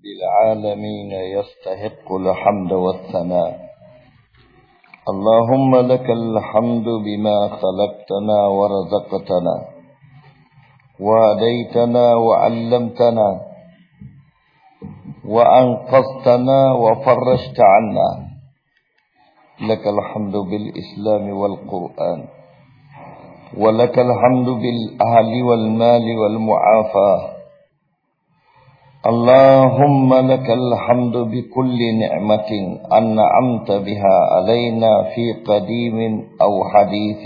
رب العالمين يستحق الحمد والثناء اللهم لك الحمد بما خلقتنا ورزقتنا وهديتنا وعلمتنا وأنقذتنا وفرجت عنا لك الحمد بالإسلام والقرآن ولك الحمد بالأهل والمال والمعافاة اللهم لك الحمد بكل نعمة أنعمت بها علينا في قديم أو حديث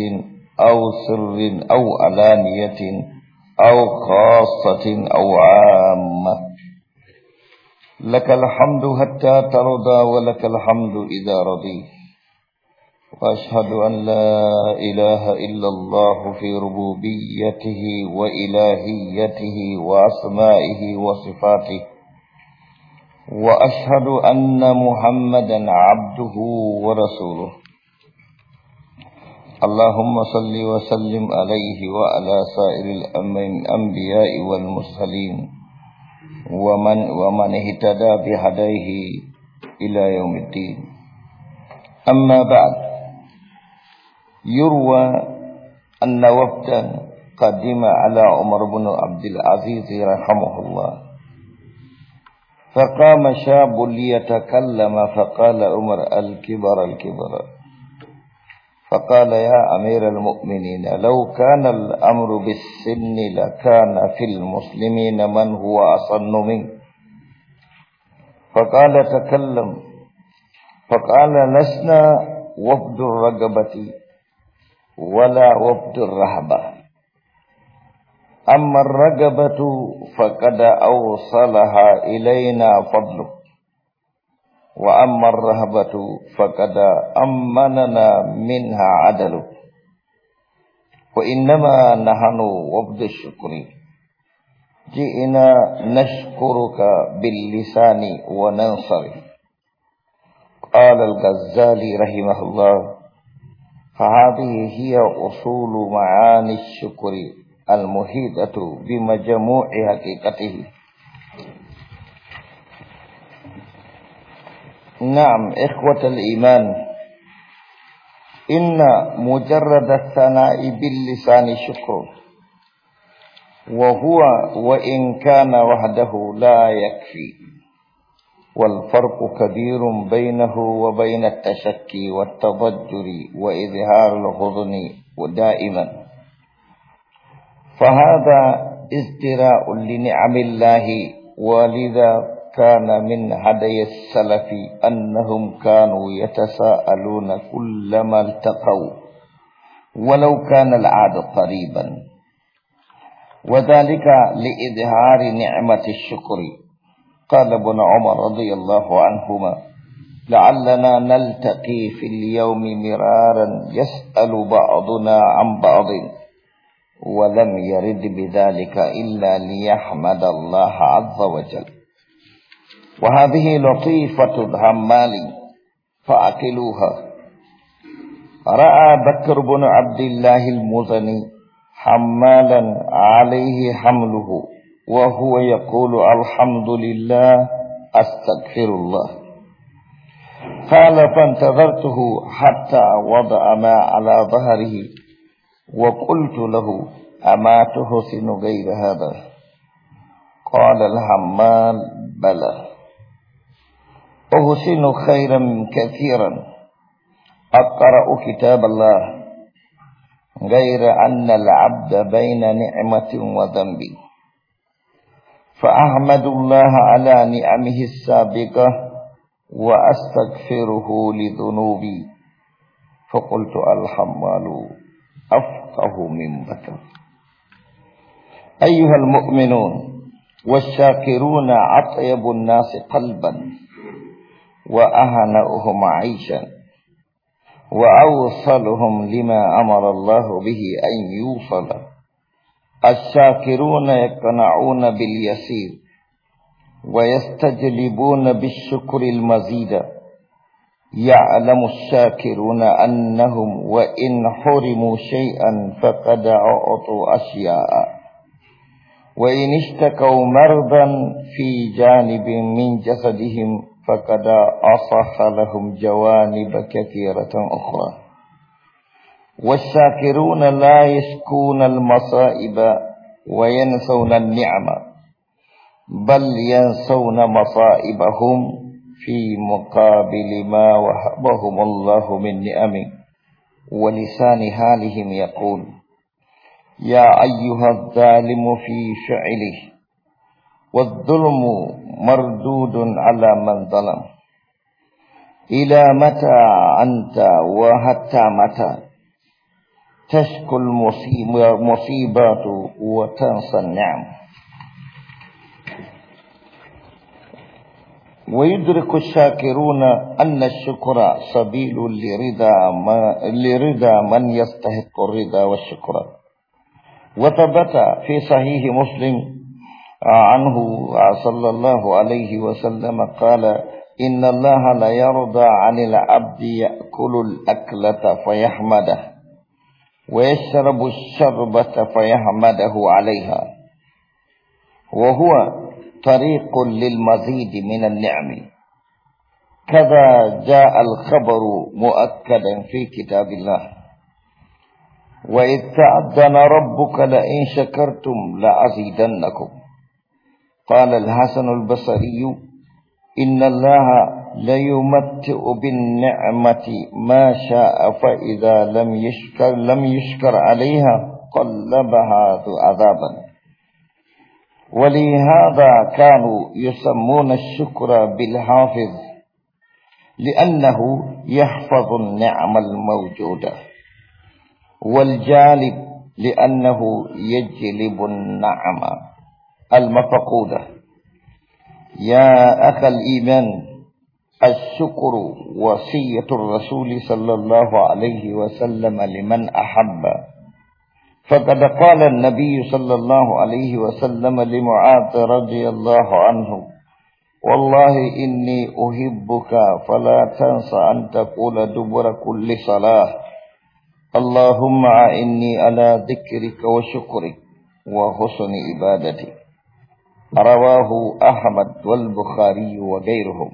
أو سر أو علانية أو خاصة أو عامة لك الحمد حتى ترضى ولك الحمد إذا رضيت وأشهد أن لا إله إلا الله في ربوبيته وإلهيته وأسمائه وصفاته وأشهد أن محمدا عبده ورسوله اللهم صل وسلم عليه وعلى سائر الأنبياء والمرسلين ومن, ومن اهتدى بهديه إلى يوم الدين أما بعد يروى أن وفدا قدم على عمر بن عبد العزيز رحمه الله فقام شاب ليتكلم فقال عمر الكبر الكبر فقال يا أمير المؤمنين لو كان الأمر بالسن لكان في المسلمين من هو أصن منك فقال تكلم فقال لسنا وفد الرقبة ولا وفد الرهبة أما الرقبة فقد أوصلها إلينا فضله وأما الرهبة فقد أمننا منها عدله وإنما نحن وفد الشكر جئنا نشكرك باللسان وننصرف قال الغزالي رحمه الله فهذه هي أصول معاني الشكر المحيطة بمجموع حقيقته نعم إخوة الإيمان إن مجرد الثناء باللسان شكر وهو وإن كان وحده لا يكفي والفرق كبير بينه وبين التشكي والتضجر وإظهار الغضن ودائما فهذا ازدراء لنعم الله ولذا كان من هدي السلف أنهم كانوا يتساءلون كلما التقوا ولو كان العاد قريبا وذلك لإظهار نعمة الشكر قال ابن عمر رضي الله عنهما لعلنا نلتقي في اليوم مرارا يسأل بعضنا عن بعض ولم يرد بذلك إلا ليحمد الله عز وجل وهذه لطيفة الهمال فأكلوها رأى بكر بن عبد الله المزني حمالا عليه حمله وهو يقول الحمد لله أستغفر الله قال فانتظرته حتى وضع ما على ظهره وقلت له أما تحسن غير هذا قال الحمال بلى أحسن خيرا كثيرا أقرأ كتاب الله غير أن العبد بين نعمة وذنب فأحمد الله على نعمه السابقة وأستغفره لذنوبي فقلت الحمال أفقه من بطن أيها المؤمنون والشاكرون أطيب الناس قلبا وأهنأهم عيشا وأوصلهم لما أمر الله به أن يوصل الشاكرون يقنعون باليسير ويستجلبون بالشكر المزيد يعلم الشاكرون أنهم وإن حرموا شيئا فقد أعطوا أشياء وإن اشتكوا مرضا في جانب من جسدهم فقد أصح لهم جوانب كثيرة أخرى والشاكرون لا يشكون المصائب وينسون النعمة بل ينسون مصائبهم في مقابل ما وهبهم الله من نعم ولسان حالهم يقول يا أيها الظالم في فعله والظلم مردود على من ظلم إلى متى أنت وحتى متى تشكو المصيبات وتنسى النعم ويدرك الشاكرون أن الشكر سبيل لرضا لرضا من يستحق الرضا والشكر وثبت في صحيح مسلم عنه صلى الله عليه وسلم قال إن الله لا يرضى عن العبد يأكل الأكلة فيحمده ويشرب الشربة فيحمده عليها وهو طريق للمزيد من النعم كذا جاء الخبر مؤكدا في كتاب الله وإذ تعدن ربك لئن شكرتم لأزيدنكم قال الحسن البصري إن الله ليمتئ بالنعمة ما شاء فإذا لم يشكر لم يشكر عليها قلبها عذابا ولهذا كانوا يسمون الشكر بالحافظ لأنه يحفظ النعم الموجودة والجالب لأنه يجلب النعم المفقودة يا أخ الإيمان الشكر وصية الرسول صلى الله عليه وسلم لمن أحب فقد قال النبي صلى الله عليه وسلم لمعاذ رضي الله عنه والله إني أحبك فلا تنس أن تقول دبر كل صلاة اللهم إني على ذكرك وشكرك وحسن عبادتك رواه أحمد والبخاري وغيرهم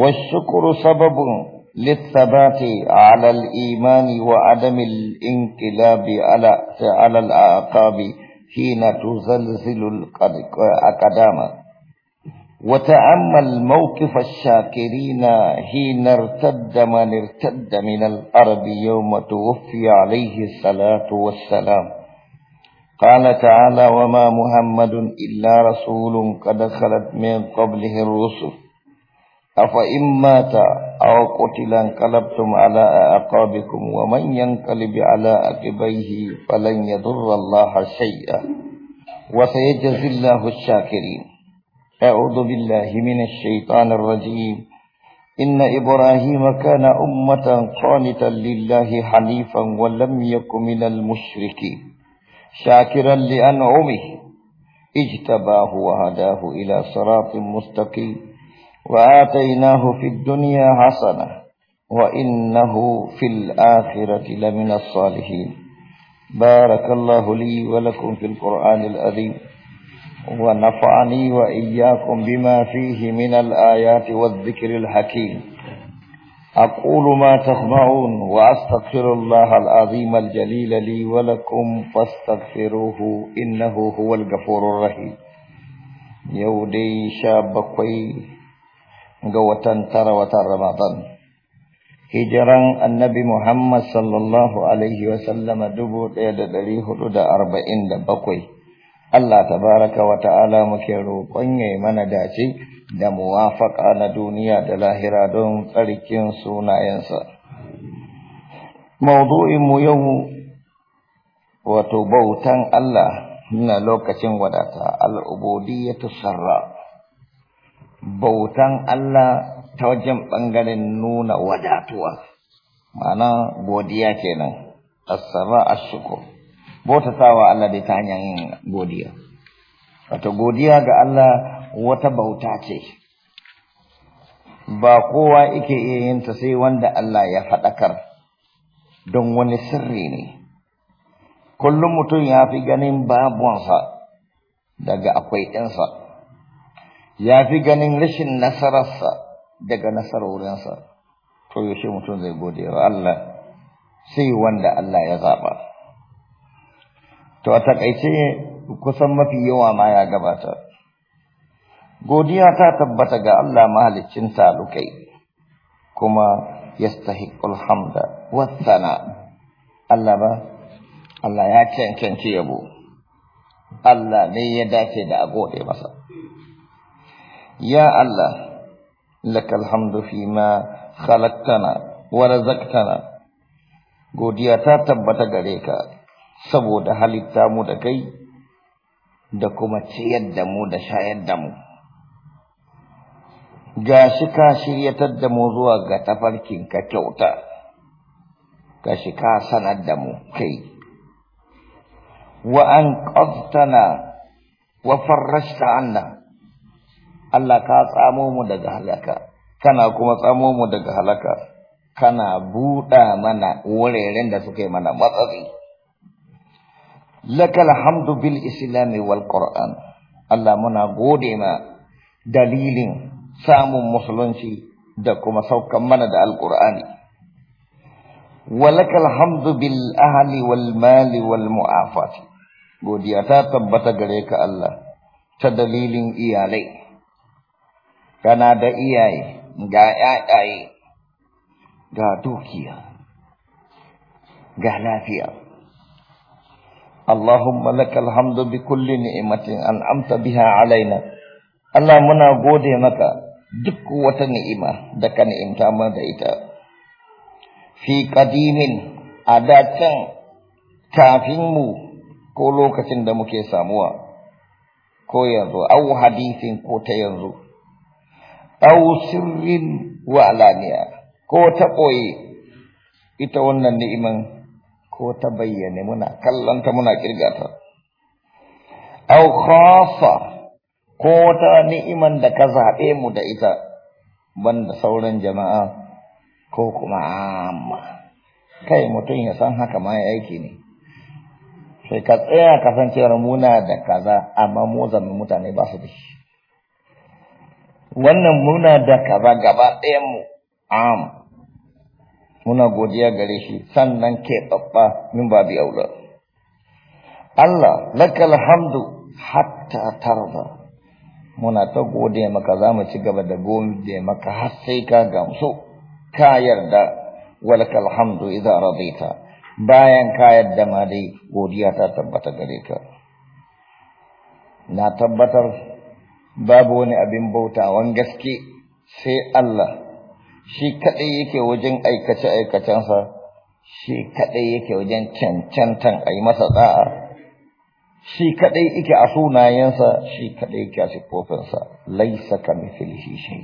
والشكر سبب للثبات على الإيمان وعدم الانقلاب على على الأعقاب حين تزلزل الأقدام وتأمل موقف الشاكرين حين ارتد من ارتد من الأرض يوم توفي عليه الصلاة والسلام قال تعالى وما محمد إلا رسول قد خلت من قبله الرسل أفإن مات أو قتل انقلبتم على أعقابكم ومن ينقلب على عقبيه فلن يضر الله شيئا وسيجزي الله الشاكرين أعوذ بالله من الشيطان الرجيم إن إبراهيم كان أمة قانتا لله حنيفا ولم يك من المشركين شاكرا لأنعمه اجتباه وهداه إلى صراط مستقيم وآتيناه في الدنيا حسنة وإنه في الآخرة لمن الصالحين بارك الله لي ولكم في القرآن العظيم ونفعني وإياكم بما فيه من الآيات والذكر الحكيم أقول ما تسمعون وأستغفر الله العظيم الجليل لي ولكم فاستغفروه إنه هو الغفور الرحيم يودي شابقي ga watan tara watan Ramadan. Hijiran annabi Muhammad sallallahu Alaihi wasallama dubu ɗaya da ɗari hudu da arba'in da bakwai. Allah tabaraka wa ta'ala muke roƙon ya mana dace da muwafaƙa na duniya da lahira don tsarkin sunayensa. mu yau wato bautan Allah na lokacin wadata ya sarra. bautan Allah ta wajen ɓangaren nuna wadatuwa ma'ana godiya kenan asara ashukur sawa Allah dai ta hanyar yin godiya wato godiya ga Allah wata bauta ce ba kowa yake iya yin ta sai wanda Allah ya faɗakar don wani sirri ne kullum mutum ya fi ganin babuwansa daga akwai ɗinsa ya fi ganin rashin nasararsa daga nasarorinsa to yaushe mutum zai gode wa Allah sai wanda Allah ya zaba. to a takaice kusan mafi yawa ma ya gabata godiya ta tabbata ga Allah mahaliccin talukai kuma yastahiqul hamda wassana Allah ba Allah ya cancanci yabo Allah ne ya dace da a gode masa يا الله لك na فيما خلقتنا ورزقتنا godiya ta tabbata gare ka saboda halitta mu da kai da kuma ciyar da mu da shayar da mu gashi ka shiryatar da mu zuwa ga tafarkin ka kyauta gashi ka sanar da mu kai wa an qaftana wa farrashta anna Allah ka tsamo mu daga halaka kana kuma tsamo mu daga halaka kana buɗa mana wuraren da suka yi mana matsatsi lakal alhamdu bil islami wal qur'an Allah muna gode ma dalilin samun musulunci da kuma saukan mana da alqur'ani walakal alhamdu bil ahli wal mali wal mu'afati godiya ta tabbata gare ka Allah ta dalilin iyalai kana da iyaye ga ƴaƴaye ga dukiya ga lafiya Allahumma lakal hamdu bi kulli ni'matin an'amta biha alaina Allah muna gode maka duk wata ni'ima da ka ni'imta mana da ita fi qadimin adatan kafin mu ko lokacin da muke samuwa ko yanzu au hadisin ko ta yanzu aw sirrin wa alaniya ko ta koyi ita wannan ni'iman ko ta bayyane muna kallanta muna kirgata aw khafa ko ta ni'iman da ka zabe mu da ita banda sauran jama'a ko kuma amma kai mutum ya san haka ma ya aiki ne sai ka tsaya kasancewar muna da kaza amma mu mutane ba su da shi wannan muna da kaza gaba ɗayanmu am muna godiya gare shi sannan ke tsaffa min bi aula Allah lakal hamdu hatta tarda muna ta gode maka za mu ci gaba da gode maka har sai ka gamsu ka yarda walakal hamdu idza radita bayan ka yarda ma dai godiya ta tabbata gare ka na tabbatar babu wani abin bautawan gaske sai Allah shi kadai yake wajen aikace-aikacensa shi kadai yake wajen cancantan a yi masa da'a shi kadai yake a sunayensa shi kadai yake a siffofinsa laisa ka mithlihi shay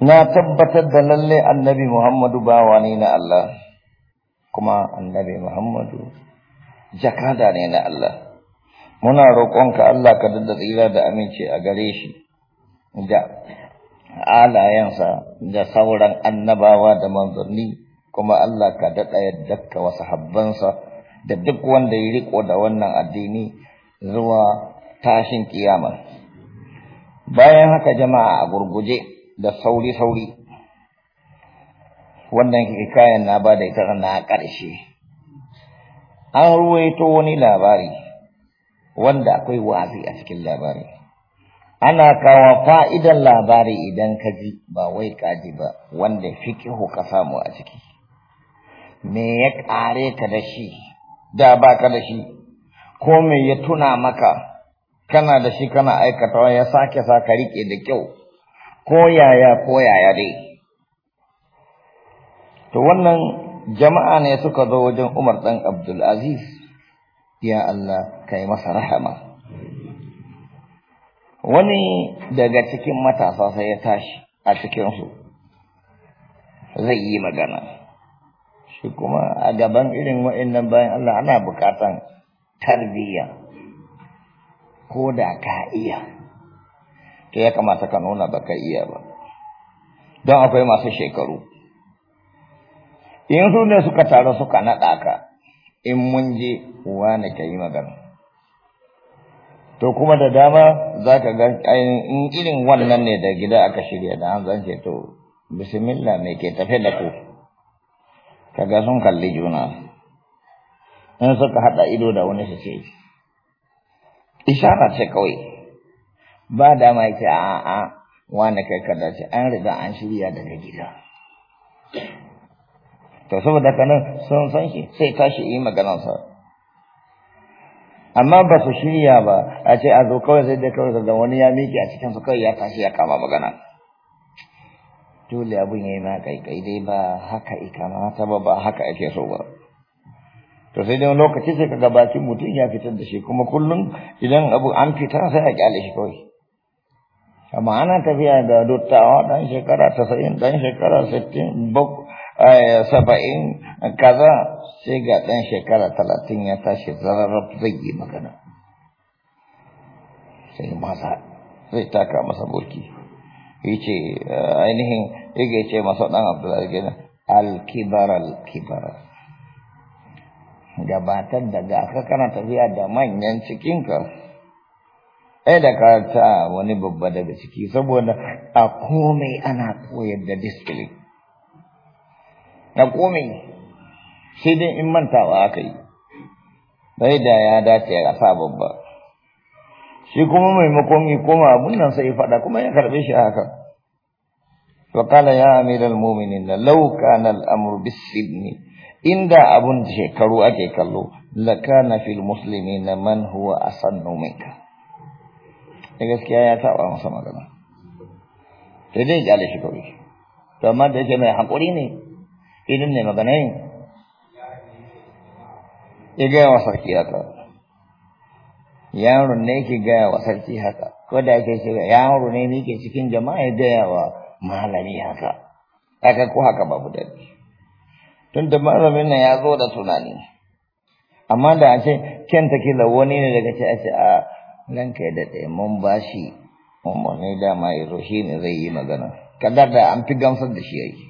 na tabbatar da lalle annabi Muhammadu bawa ne na Allah kuma annabi Muhammadu jakada ne na Allah muna roƙonka Allah ka dada tsira da aminci a gare shi da alayensa da sauran annabawa da manzanni kuma Allah ka daɗa yadda wasu habbansa da duk wanda ya riko da wannan addini zuwa tashin kiyama bayan haka jama'a a gurguje da sauri-sauri wannan hikayen na ba da ita na ƙarshe an ruwaito wani labari wanda akwai wa'azi a cikin labari ana kawo fa'idan labari idan ka ji ba wai kaji ba wanda fikihu ka samu a ciki me ya kare ka da shi da ba ka da shi ko me ya tuna maka kana da shi kana aikatawa ya sake sa ka rike da kyau ko yaya ko yaya dai to wannan jama'a ne suka zo wajen Umar dan Abdul Aziz ya Allah kai masa rahama wani daga cikin matasa sai ya tashi a cikinsu zai yi magana shi kuma a gaban irin wa'annan bayan Allah ana bukatan tarbiyya ko da ka iya to ya kamata ka nuna ba ka iya ba don akwai masu shekaru in su ne suka taru suka naɗa ka in mun je wa ka yi magana to kuma da dama za ka ga in irin wannan ne da gida aka shirya da an zance to bismillah me ke tafe da ku kaga sun kalli juna in suka hada ido da wani su ce ishara ce kawai ba dama yake a'a wani kai ka dace an riga an shirya daga gida to saboda kanan sun san shi sai tashi yi maganarsa amma ba su shirya ba a ce a zo kawai sai dai kawai da wani ya miki a cikin su kawai ya tashi ya kama magana dole abin ya yi ma kaikai dai ba haka ikamata ba ba haka ake so ba to sai dai lokaci sai kaga bakin mutum ya fitar da shi kuma kullum idan abu an fita sai a kyale shi kawai amma ana tafiya da dottawa dan shekara tasa'in dan shekara sittin Eh, saba'in kaza sai ga ɗan shekara talatin ya tashi zararrab zai yi magana sai masa zai taka masa burki ya ce eh, ainihin ya ce masa ɗan abdullahi gina alkibar alkibar gabatar da gaka kana tafiya da manyan cikinka ɗaya eh, da ka wani babba daga ciki saboda a komai ana koyar da discipline na komai sai dai in mantawa aka yi bai da ya dace a sa babba shi kuma maimakon yi koma abun nan sai faɗa kuma ya karɓe shi haka wa kala ya amir muminin na law kana al bis-sidni inda abun shekaru ake kallo la kana fil muslimin man huwa asannu minka eh, gaskiya ya saba masa magana sai dai ya jale shi to amma da yake mai hakuri ne irin ne magana yin ya gaya wa sarki haka yaron ne yake gaya wa sarki haka ko da yake shiga yaro ne ne ke cikin jama'a ya gaya wa malami haka aka ko haka babu daɗi tun da malamin nan ya zo da tunani amma da a ce kyan takila wani ne daga ce a ce a ranka ya daɗe mun ba shi umarni dama ya zo shi ne zai yi magana kadar da an fi gamsar da shi yake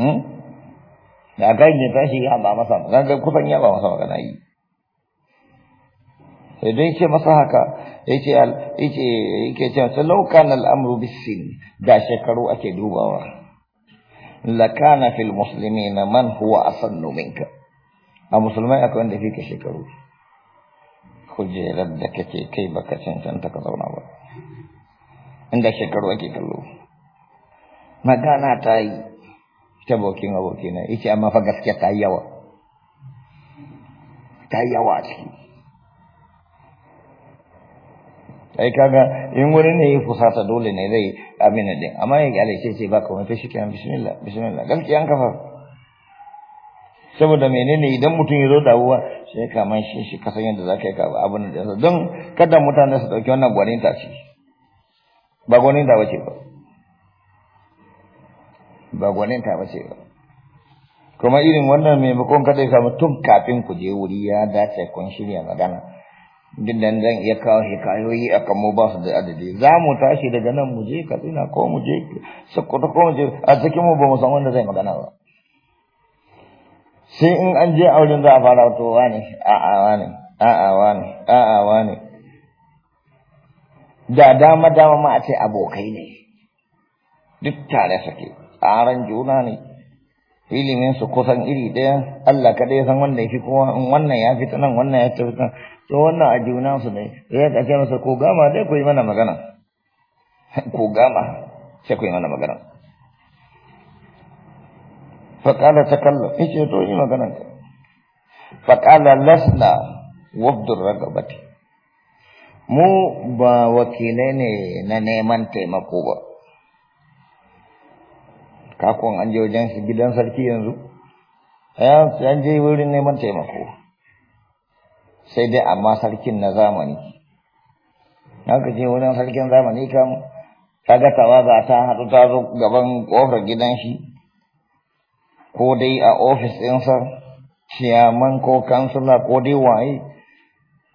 da kai ne tashi ya ba masa magana kusan ya ba masa magana yi sai dai ce masa haka yake ce da shekaru ake dubawa la kana fil muslimina man huwa asannu minka a ah, musulmai akwai wanda shekaru kujerar da kake kai baka cancanta ka zauna ba inda shekaru ake ah, kallo magana ta yi ta bokin abokina yace amma fa gaskiya ta yawa ta yawa a ciki ai kaga in wuri ne ya fusata dole ne zai amina din amma ya kyale ce ce ba komai to kan bismillah bismillah gaskiya an kafa saboda menene idan mutum ya zo dawowa sai ka man shi shi kasan yadda zaka yi ka abin da don kada mutane su dauki wannan gwaninta ce ba gwaninta ce ba ba gwanin ta bace ba kuma irin wannan mai makon kada ya samu tun kafin ku je wuri ya dace kun shirya magana duk da zan iya kawo hikayoyi a kan mu ba su da adadi za mu tashi daga nan mu je katsina ko mu je sokoto ko mu je a cikin mu ba mu san wanda zai magana ba sai in an je auren za a fara to wani a'a wani a'a wani a'a wani da dama dama ma a ce abokai ne duk tare suke aran juna ne ilimin su kusan iri ɗaya Allah kada ya san wannan shi kuma in wannan ya fita nan wannan ya fita to wannan a juna su ne ya ka ce masa ko gama dai ku yi mana magana ko gama sai ku yi mana magana fa ta takallam yace to yi magana fa qala lasna wabdur ragabati mu ba wakilai ne na neman taimako ba kakon an je wajen shi gidan sarki yanzu an je wurin neman taimako sai dai amma sarkin na zamani haka je wurin sarkin zamani kan kaga tawaga ta haɗu ta zo gaban ƙofar gidan shi ko dai a ofis ɗinsa ciyaman ko kansula ko dai waye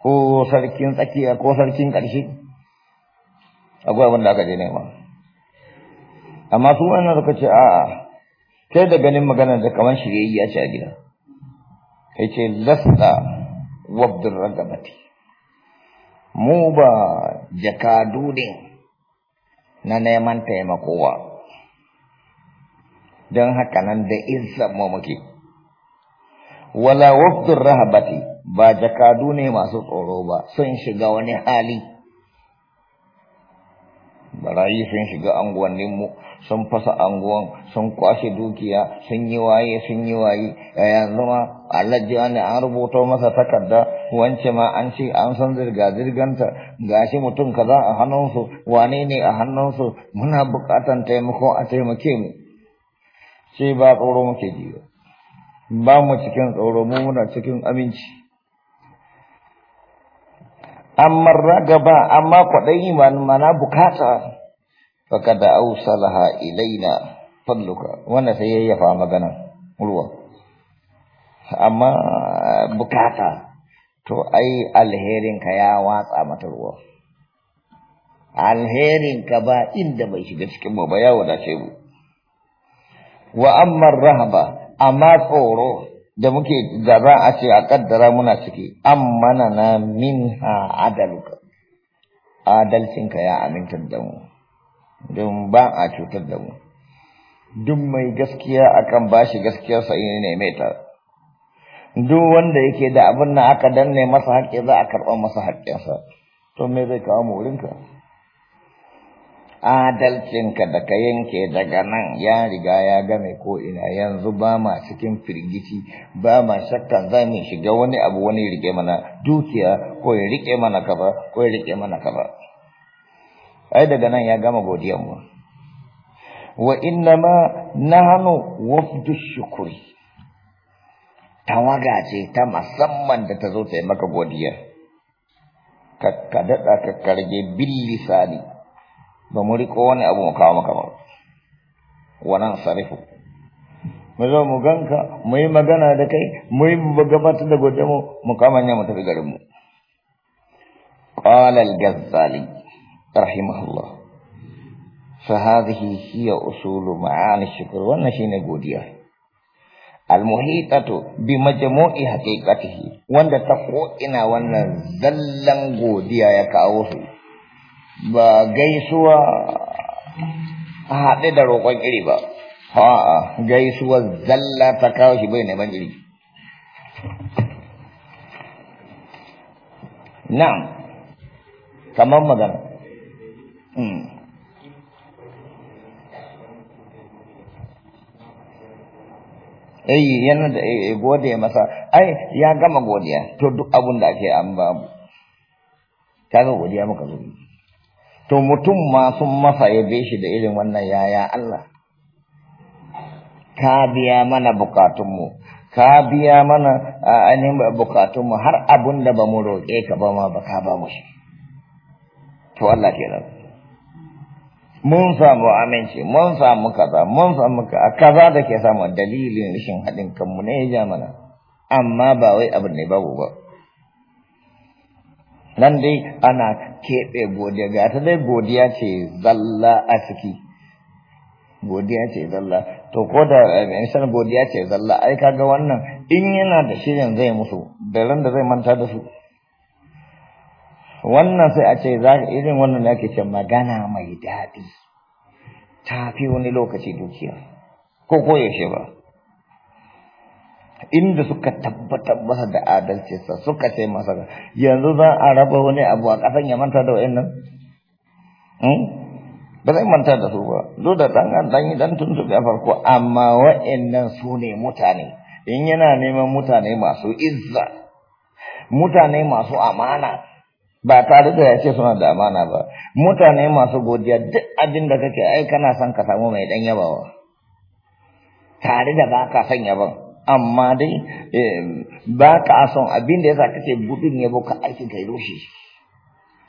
ko sarkin tsakiya ko sarkin ƙarshe akwai abin da aka je nema amma su wannan suka ce a'a kai da ganin maganar da kaman kamar shiriyayya ce a gida kai ce lasta wabdur ragabati mu ba jakadu ne na neman taimakowa don haka nan da izan mu muke wala wabdur rahabati ba jakadu ne masu tsoro ba sun shiga wani hali barayi sun shiga anguwanninmu sun fasa anguwan sun kwashe dukiya sun yi waye sun yi waye a yanzu ma alhaji wani an rubuto masa takarda wance ma an ce an san zirga zirganta gashi mutum ka za a hannunsu wane ne a hannunsu muna buƙatan taimako a taimake mu sai ba tsoro muke ji ba mu cikin tsoro mu muna cikin aminci amma ragaba amma kwaɗayi mana bukata faka da ausalaha ilaina falluka wanda sai yayyafa magana ruwa amma eh, bukata to ai alherinka ya watsa mata ruwa alherinka ba inda bai shiga cikin mu ba ya wadace mu wa amma rahaba amma tsoro da muke da za a ce a kaddara muna ciki ammana na min ha adalcin. adalcinka ya aminta da mu don ba a cutar da mu duk mai gaskiya akan bashi gaskiyarsa sai ne mai ta duk wanda yake da abin nan aka danne masa haƙƙi za a karɓa masa haƙƙinsa to me zai kawo mu wurinka Adalcin ka da ka yanke daga nan ya riga ya game ko ina yanzu ba ma cikin firgici ba ma shakkan za mu shiga wani abu wani rike mana dukiya ko ya rike mana kaza ko ya rike mana kaza ai daga nan ya gama godiyar mu wa innama nahnu wafdu shukri tawaga ce ta musamman da ta zo ta yi maka godiya ka daɗa ka karge bil ba mu riko wani abu mu kawo maka ba wannan sarifu mu zo mu ganka mu yi magana da kai mu yi gabatar da gobe mu mu kama ne mu tafi garin mu qala al-ghazali rahimahullah fa hadhihi hiya usul ma'ani shukr wannan godiya al-muhitatu bi majmu'i haqiqatihi wanda ta ko ina wannan zallan godiya ya kawo su ba gaisuwa a haɗe da roƙon iri ba ha gaisuwa zalla ta kawo shi bai neman iri na'am kamar magana Ai, hmm. eh, yana da eh, eh, gode masa ai ya gama godiya to duk abun da ake an babu kaga godiya muka zuri. to mutum ma sun masa yabe shi da irin wannan yaya Allah ka biya mana bukatunmu ka biya mana a ainihin bukatunmu har abun da ba mu roƙe ka ba ma baka ba mu shi to Allah mun samu aminci mun samu kaza mun samu kaza da ke samu dalilin rashin haɗin kanmu ne ya ja mana amma ba wai abin ne babu ba nan dai ana keɓe godiya ga ta dai godiya ce zalla a ciki godiya ce zalla to ko da eh, san godiya ce zalla ai kaga wannan in yana da shirin zai musu da ran da zai manta da su wannan sai a ce za ka irin wannan da ake ce magana mai daɗi ta fi wani lokaci dukiya ko koyaushe ba inda suka tabbatar masa da adalcinsa suka ce masa yanzu za a raba wani abu a ƙasan ya manta da wa'annan hmm? ba zai manta da su ba zo da ɗan ɗan yi ɗan tuntuɓe a farko amma wa'annan su ne mutane in yana neman mutane masu izza mutane masu amana ba tare da ya ce suna da amana ba mutane masu godiya duk abin da kake ai kana son ka samu mai ɗan yabawa tare da ba ka son yaban amma dai eh, ba ka son abin da sa kake gudun yabo ka aiki kai rushe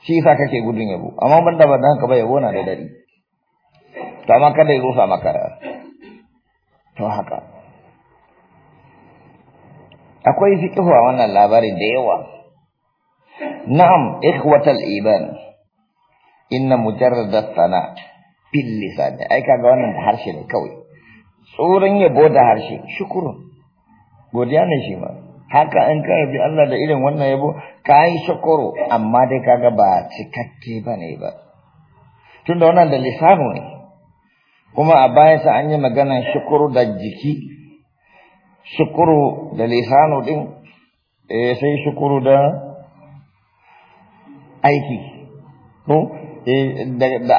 shi sa kake gudun yabo amma ban da ban haka ba yabo na da dadi to amma kada ya rusa maka to haka akwai fikihu a wannan labari da yawa na'am ikhwatal iban inna mujarrada sana fil lisan ai kaga wannan harshe ne kawai tsoron yabo da harshe shukuru godiya ne shi ma haka an karbi Allah da irin wannan yabo ka yi shukuru amma dai kaga ba cikakke ba ne ba tun da wannan da lisanu ne kuma a baya sa an yi maganan shukuru da jiki shukuru da lisanu din eh sai shukuru da aiki ko eh da da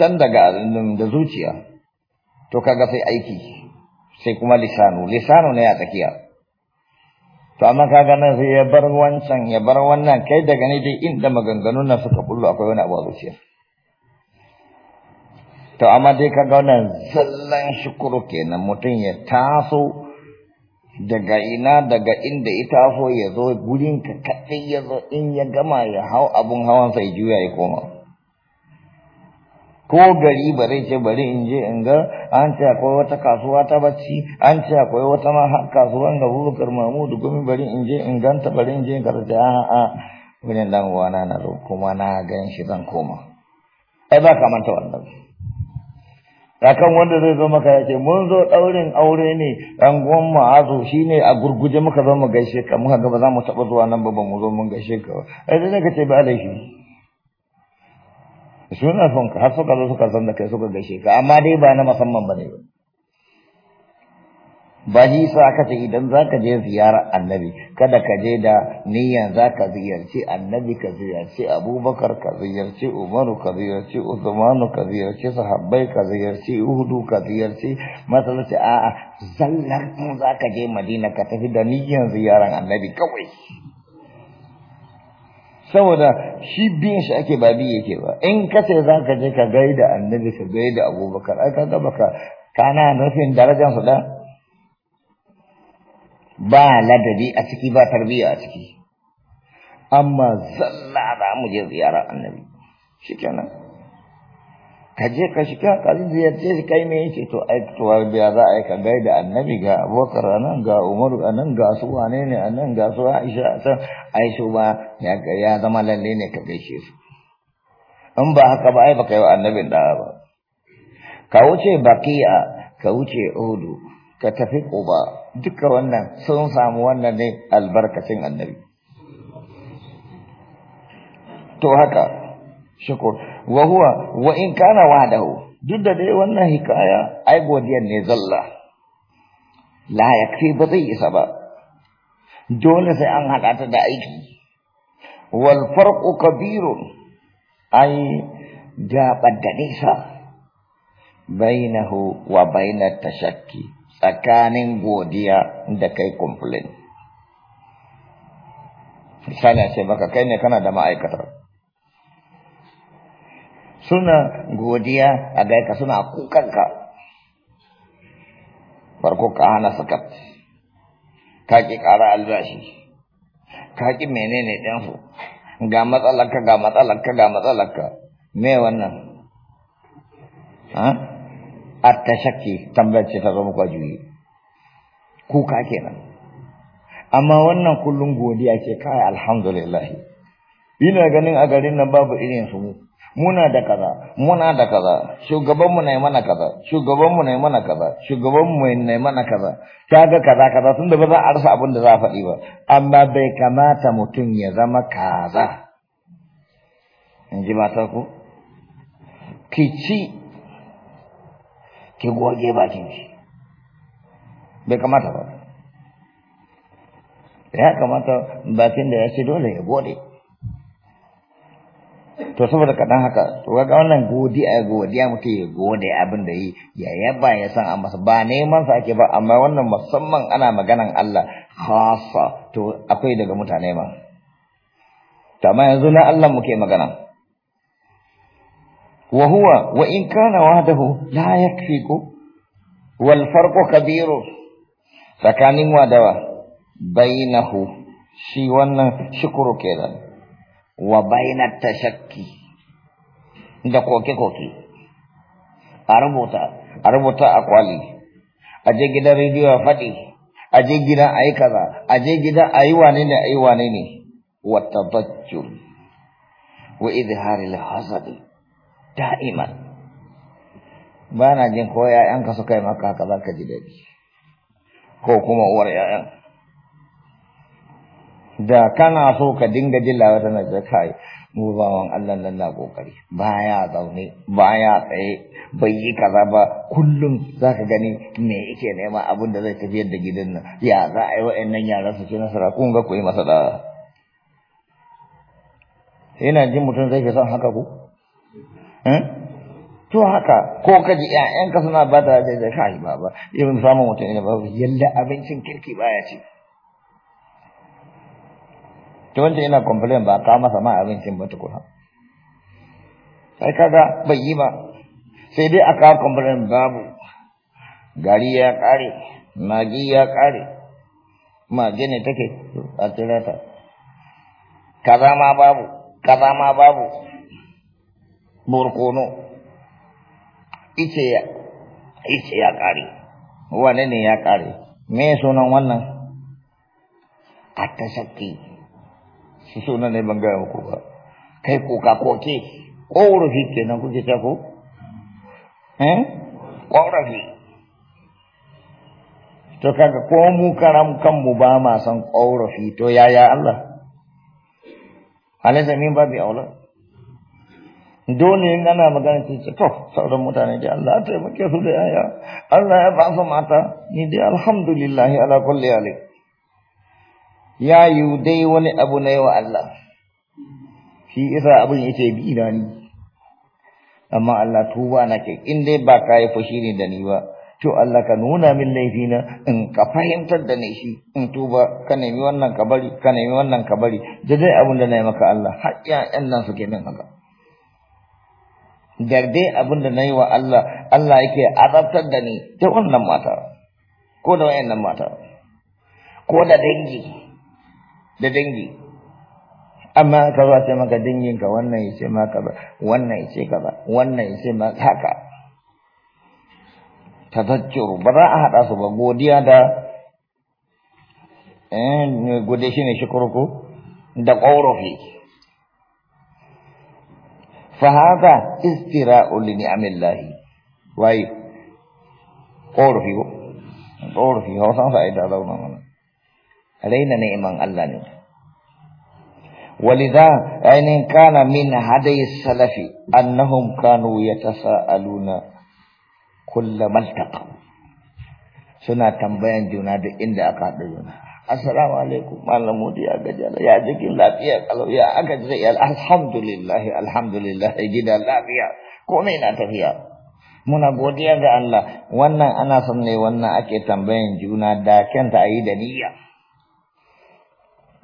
san daga da zuciya to kaga sai aiki sai kuma lisanu lisanu ne a tsakiya to amma kaga nan sai ya bar wancan ya bar wannan kai daga ne dai inda maganganu na suka bullo akwai wani abu a zuciya to amma dai kaga wannan zallan shukuru kenan mutum ya taso daga ina daga inda ya taso ya zo ka kaɗai ya zo in ya gama ya hau abun hawan sai juya ya koma ko gari bari ce bari in je in ga an ce akwai wata kasuwa ta bacci an ce akwai wata ma har kasuwa ga Abubakar Mahmud gumi bari in je in ganta bari in je in karta a a wurin dan uwana na zo kuma na gan shi zan koma ai ba ka manta wannan rakan wanda zai zo maka yake mun zo daurin aure ne dan gwan ma'azu shine a gurguje muka zo mu gaishe ka muka ga ba za mu taba zuwa nan ba ba mu zo mun gaishe ka ai dai ka ce ba laifi suna son ka har suka zo suka san da kai suka gaishe ka amma dai ba na musamman bane ba ba ji sa aka ce idan za ka je ziyarar annabi kada ka je da niyyan za ka ziyarci annabi ka ziyarci abubakar ka ziyarci umaru ka ziyarci usmanu ka ziyarci sahabbai ka ziyarci uhudu ka ziyarci masalaci a'a zallar za ka je madina ka tafi da niyyan ziyarar annabi kawai saboda shi biyan shi ake ba biye ke ba in ka za ka je ka gaida annabi ka gaida abubakar ai ga baka kana nufin darajar su da ba ladabi a ciki ba tarbiyya a ciki amma zalla za mu je ziyara annabi shikenan ka je ka shiga ka ziyarce shi kai me yake to ai to biya za a yi ka gaida annabi ga abokar anan ga umaru anan ga su wane ne anan ga su aisha a can aisha ba ya zama lalle ne ka gaishe su in ba haka ba ai baka yi wa annabin da ba ka wuce baki ka wuce odu ka tafi quba duka wannan sun samu wannan ne albarkacin annabi to haka shukuru wa huwa wa in kana wahdahu duk da dai wannan hikaya ai godiyar ne zalla la yakfi ba zai isa ba dole sai an haɗa ta da aiki wal farqu kabirun ai da baddanisa bainahu wa bainat tashakki tsakanin godiya da kai complain sana ce maka kai ne kana da ma'aikatar suna godiya a gaika suna kukanka farko ka hana sakat ka ki ƙara albashi ka ki menene ɗansu ga matsalarka ga matsalarka ga matsalarka me wannan a ta shakki ce ta zama kwa juyi kuka kenan amma wannan kullum godiya ce kai alhamdulillah ina ganin a garin nan babu irin su muna da kaza muna da kaza shugabanmu ne mana kaza shugabanmu ne mana kaza shugabanmu ne mana kaza kaga kaza kaza da ba za a rasa abin da za a faɗi ba amma bai kamata mutum ya zama kaza in ji mata ku ki ci ki goge bakin ki bai kamata ba ya kamata bakin da ya ci dole ya gode to saboda kaɗan haka to kaga wannan godiya godiya mutum ya gode abin da yi ya yaba ya san amma ba neman sa ake ba amma wannan musamman ana maganan Allah khassa to akwai daga mutane ma to amma yanzu na Allah muke magana wa huwa wa in kana wahdahu la yakfiku wal farqu kabiru tsakanin wadawa bainahu shi wannan shukuru kenan wa baina tashakki da koke-koke a rubuta a rubuta a kwali a je gidan rediyo ya faɗi a je gidan a yi kaza a je gidan a yi wane ne a yi wane ne wa tabajjur wa izharil hasadi da'iman ba na jin ko 'ya'yanka suka yi maka haka za ka ji dadi ko kuma uwar 'ya'yan da kana so ka dinga jin tana da kai mu wan Allah nan na kokari baya zaune baya tsaye bai yi kaza ba kullum za ka gani me yake nema abin da zai tafiyar da gidan nan ya za a yi wa'annan yara su ci nasara kun ga ku yi masa da yana jin mutum zai fi son haka ku hmm? to haka ko ka ji ƴaƴanka suna ba da kai baba irin samun mutum ne ba yalla abincin kirki baya ci ta wanda yana complain ba ka masa ma abincin ba tukuna sai kaga bai yi ba sai dai aka complain babu gari ya kare magi ya kare magi ne take a tirata kaza ma babu kaza ma babu burkono ice ya ice ya kare wane ne ya kare me sunan wannan a shakki shi sunan ne ban gaya muku ba kai ko ka ko ke ko rufi ke nan kuke ta ko eh ko rufi to kaga ko mu karam kan mu ba ma san qaurafi to yaya Allah alaysa min babi aula dole in ana magana ce ce to sauran mutane ji Allah ya muke su da yaya Allah ya ba su mata ni dai alhamdulillah ala kulli alik ya yi dai wani abu na yawa Allah shi isa abin yace bi da ni amma Allah tuba ke, in dai ba ka yi fushi ne da ni ba to Allah ka nuna min laifina in ka fahimtar da ni shi in tuba ka nemi wannan ka bari ka nemi wannan ka bari da dai abin da na yi maka Allah har ƴaƴan nan suke min haka da dai abin da na yi wa Allah Allah yake azabtar da ni da wannan mata ko da wayannan mata ko da dangi da dangi amma ka ba sai maka ka wannan ya maka ba wannan ya ka ba wannan ya maka haka tazajjuru ba za a hada su ba godiya da eh, gode shi ne shukurku da ƙorafi hada istira'u li ni'amillahi wai ƙorafi ko ƙorafi sai da zauna mana raina neman Allah ne ولذا أين كان من هدي السلف أنهم كانوا يتساءلون كل ما التقوا suna tambayan juna duk inda aka haɗu juna. Assalamu alaikum, Malam Mudi ya gaji ya jikin lafiya kalau ya aka ji ya alhamdulillah alhamdulillah gida lafiya komai na tafiya. Muna godiya ga Allah wannan ana son ne wannan ake tambayan juna da kenta ayi da niyya.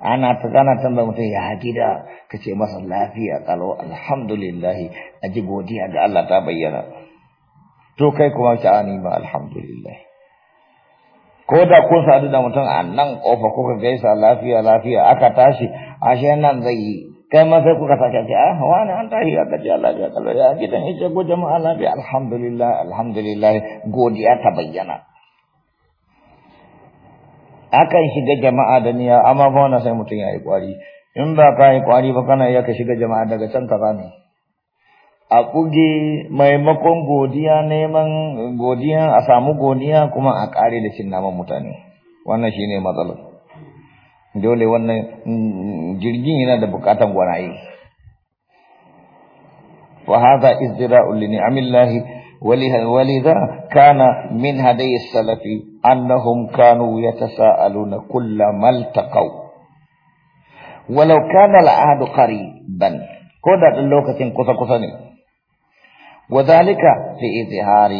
ana ta kana tambaya mutum ya hakida ka ce masa lafiya kalo Alhamdulillahi a ji godiya ga Allah ta bayyana to kai kuma ka ani ba alhamdulillah ko da kun sadu da mutum a nan kofa kuka gaisa lafiya lafiya aka tashi ashe nan zai yi kai ma sai kuka sake ce ah wani an tashi ya gaji Allah ya kallo ya gidan ita ko jama'a lafiya alhamdulillah alhamdulillah godiya ta bayyana akan shiga jama'a da niyya amma ba wannan sai mutum ya yi kwari in ba ka kwari ba kana iya ka shiga jama'a daga can ka a kuge maimakon godiya neman godiya a samu godiya kuma a kare da cin naman mutane wannan shine matsalar dole wannan mm, jirgin yana da bukatan gwanaye wa hadha izdira'u li ni'amillahi ولذا كان من هدي السلف أنهم كانوا يتساءلون كلما التقوا ولو كان العهد قريبا كودت اللوكة كثا كثني وذلك إظهار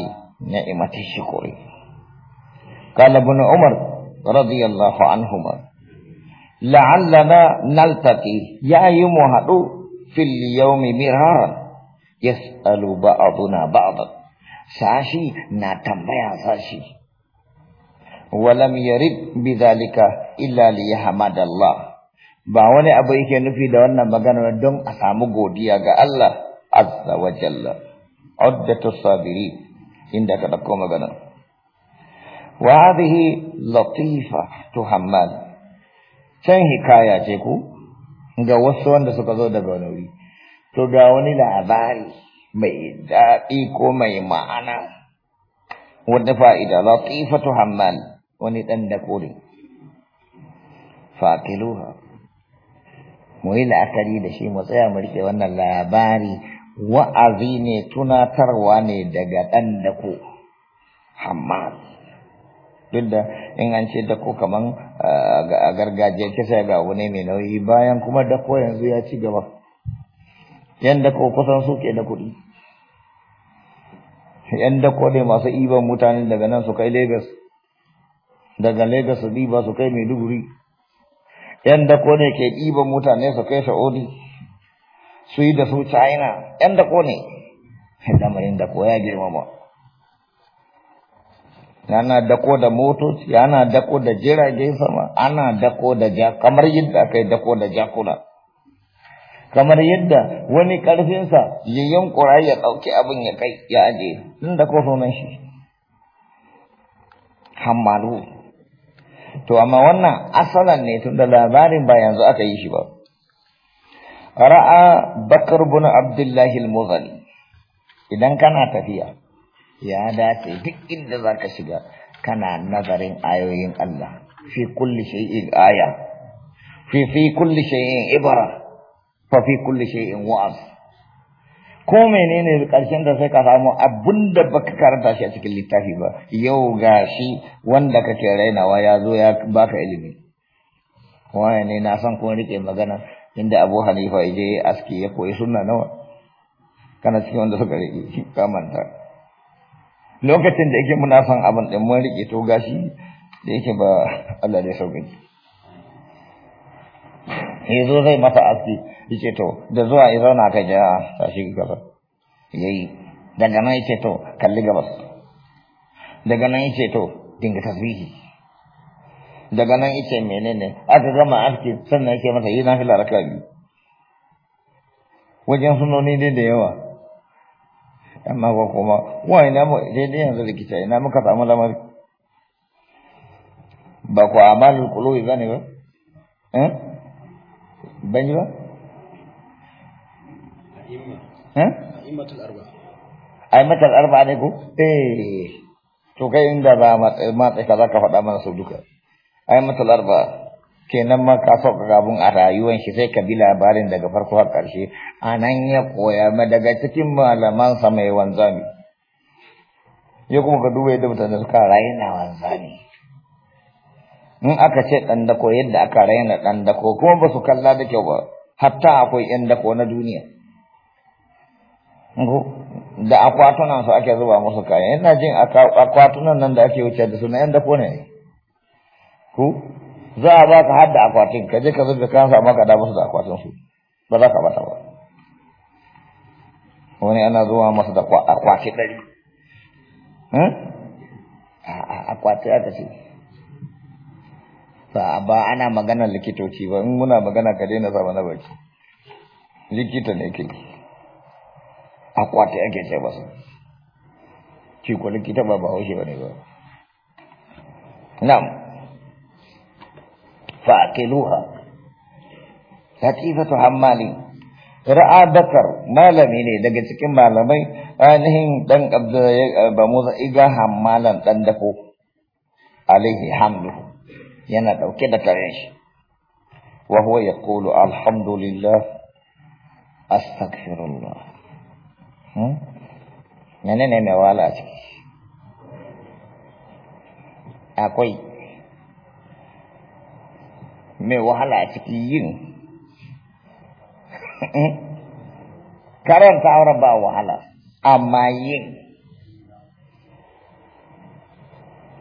نعمة الشكر قال ابن عمر رضي الله عنهما لعلنا نلتقي يا يوم في اليوم مرارا يسأل بعضنا بعضا sashi na tambaya sashi walam yarid bidhalika illa li yahmadallah ba wani abu yake nufi da wannan magana don a samu godiya ga Allah azza wa jalla uddatu sabiri inda ka dauko magana wa hadhihi latifa To hamad can hikaya ce ku ga wasu wanda suka zo daga wani to ga wani labari mai daɗi ko mai ma'ana wanda fa'ida latifatu hamman wani ɗan da kore faƙiluha mu yi la'akari da shi mu tsaya mu rike wannan labari wa'azi ne tunatarwa ne daga ɗan da ku hamman duk da in an ce dako kamar a gargajiyar kisa ga wani mai nauyi bayan kuma dako yanzu ya ci gaba yanda ko kusan su ke da kuɗi yan ko ne masu iban mutane daga nan su kai Lagos daga Lagos su ba su kai Maiduguri yan ko ne ke iban mutane su kai Saudi su yi da su China yan ko ne lamarin dako ya girmama ana dako da motoci ana dako da jiragen sama ana dako da ja kamar yadda aka yi dako da jakuna kamar yadda wani ƙarfinsa ya yankura ya ɗauki abin ya kai ya aje tun da kofo nan shi hammalu to amma wannan asalan ne tun da labarin ba yanzu aka yi shi ba ra'a bakar bin abdullahi al-muzali idan kana tafiya ya dace duk inda zaka shiga kana nazarin ayoyin Allah fi kulli shay'in aya fi fi kulli shay'in ibra fafi kulli shay'in wa'az ko menene karshen da sai ka samu abinda baka karanta shi a cikin littafi ba yau gashi wanda kake rainawa ya zo ya baka ilimi waye ne na san ko rike magana inda Abu Hanifa ya je aski ya koyi sunna nawa kana cikin wanda suka rike shi manta. lokacin da yake muna san abin din mun rike to gashi da yake ba Allah ne sauƙi yazo zai mata aski yace to da zuwa ya zauna ka ja shi gaba yayi daga nan yace to kalli gabas daga nan yace to dinga tasbihi daga nan yace menene aka gama aiki sannan yake mata yi nafila raka biyu wajen sunoni ne da yawa amma ba kuma wa ina mu daidai yanzu da kita ina muka samu lamari ba ku amalin qulubi zane ba eh ban yi ba eh Arba arba'a ne ku? eh to kai inda ba matsa ka za ka faɗa mana su duka a'immatul Arba kenan ma ka sauka abun a rayuwan shi sai ka bi labarin daga farko har ƙarshe a nan ya koya ma daga cikin malaman sa mai wanzami ya kuma ka duba yadda mutane suka raina wanzami in aka ce ɗan dako yadda aka raina ɗan dako kuma ba su kalla da kyau ba hatta akwai ƴan dako na duniya da akwatunan su ake zuba musu kaya ina jin akwatunan nan da ake wuce da su na yan dako ne ku za a baka har da akwatin ka je ka zuba kansa amma ka da musu da akwatin su ba za ka bata ba wani ana zuwa masa da akwati ɗari hmm? akwati aka ce ba ba ana magana likitoci ba in muna magana ka daina sa na baki likita ne kike akwati ake ce masu shi ko likita ba ba haushe ba ne ba nam fa'aqiluha latifatu hammali ra'a bakar malami ne daga cikin malamai ainihin dan abdullahi ba musa iga hammalan dan dafo alaihi hamdu yana dauke da karen shi wa huwa yaqulu alhamdulillah astaghfirullah mene hmm? ne mai wala a ciki akwai mai wahala a ciki yin hmm? karanta auren ba wahala amma yin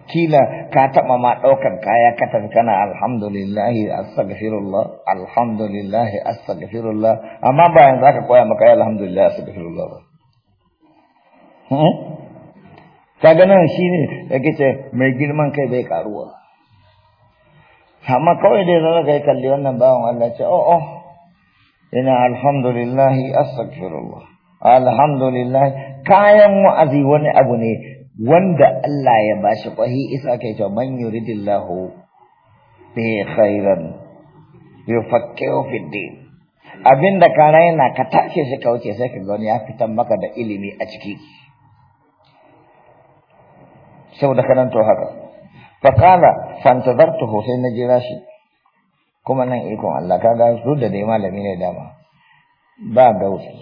kila ka taɓa ma ɗaukar kaya ka tafi kana alhamdulillahi astaghfirullah alhamdulillahi astaghfirullah amma bayan za ka koya maka alhamdulillah astaghfirullah ba Hmm? kaga nan ne ya kice mai girman kai bai karuwa amma kawai dai zan kai kalli wannan bawan Allah ce oh oh ina alhamdulillah astaghfirullah alhamdulillah kayan wa'azi wani abu ne wanda Allah ya bashi kwahi isa kai to man yuridillahu bi khairan yufakkiru fid din abinda kana yana ka tashi shi kauce sai ka ga wani ya fitan maka da ilimi a ciki saboda karanto haka kana fantazartuhu sai na jira shi kuma nan ikon Allah kaga su da dai malami ne dama ba gausi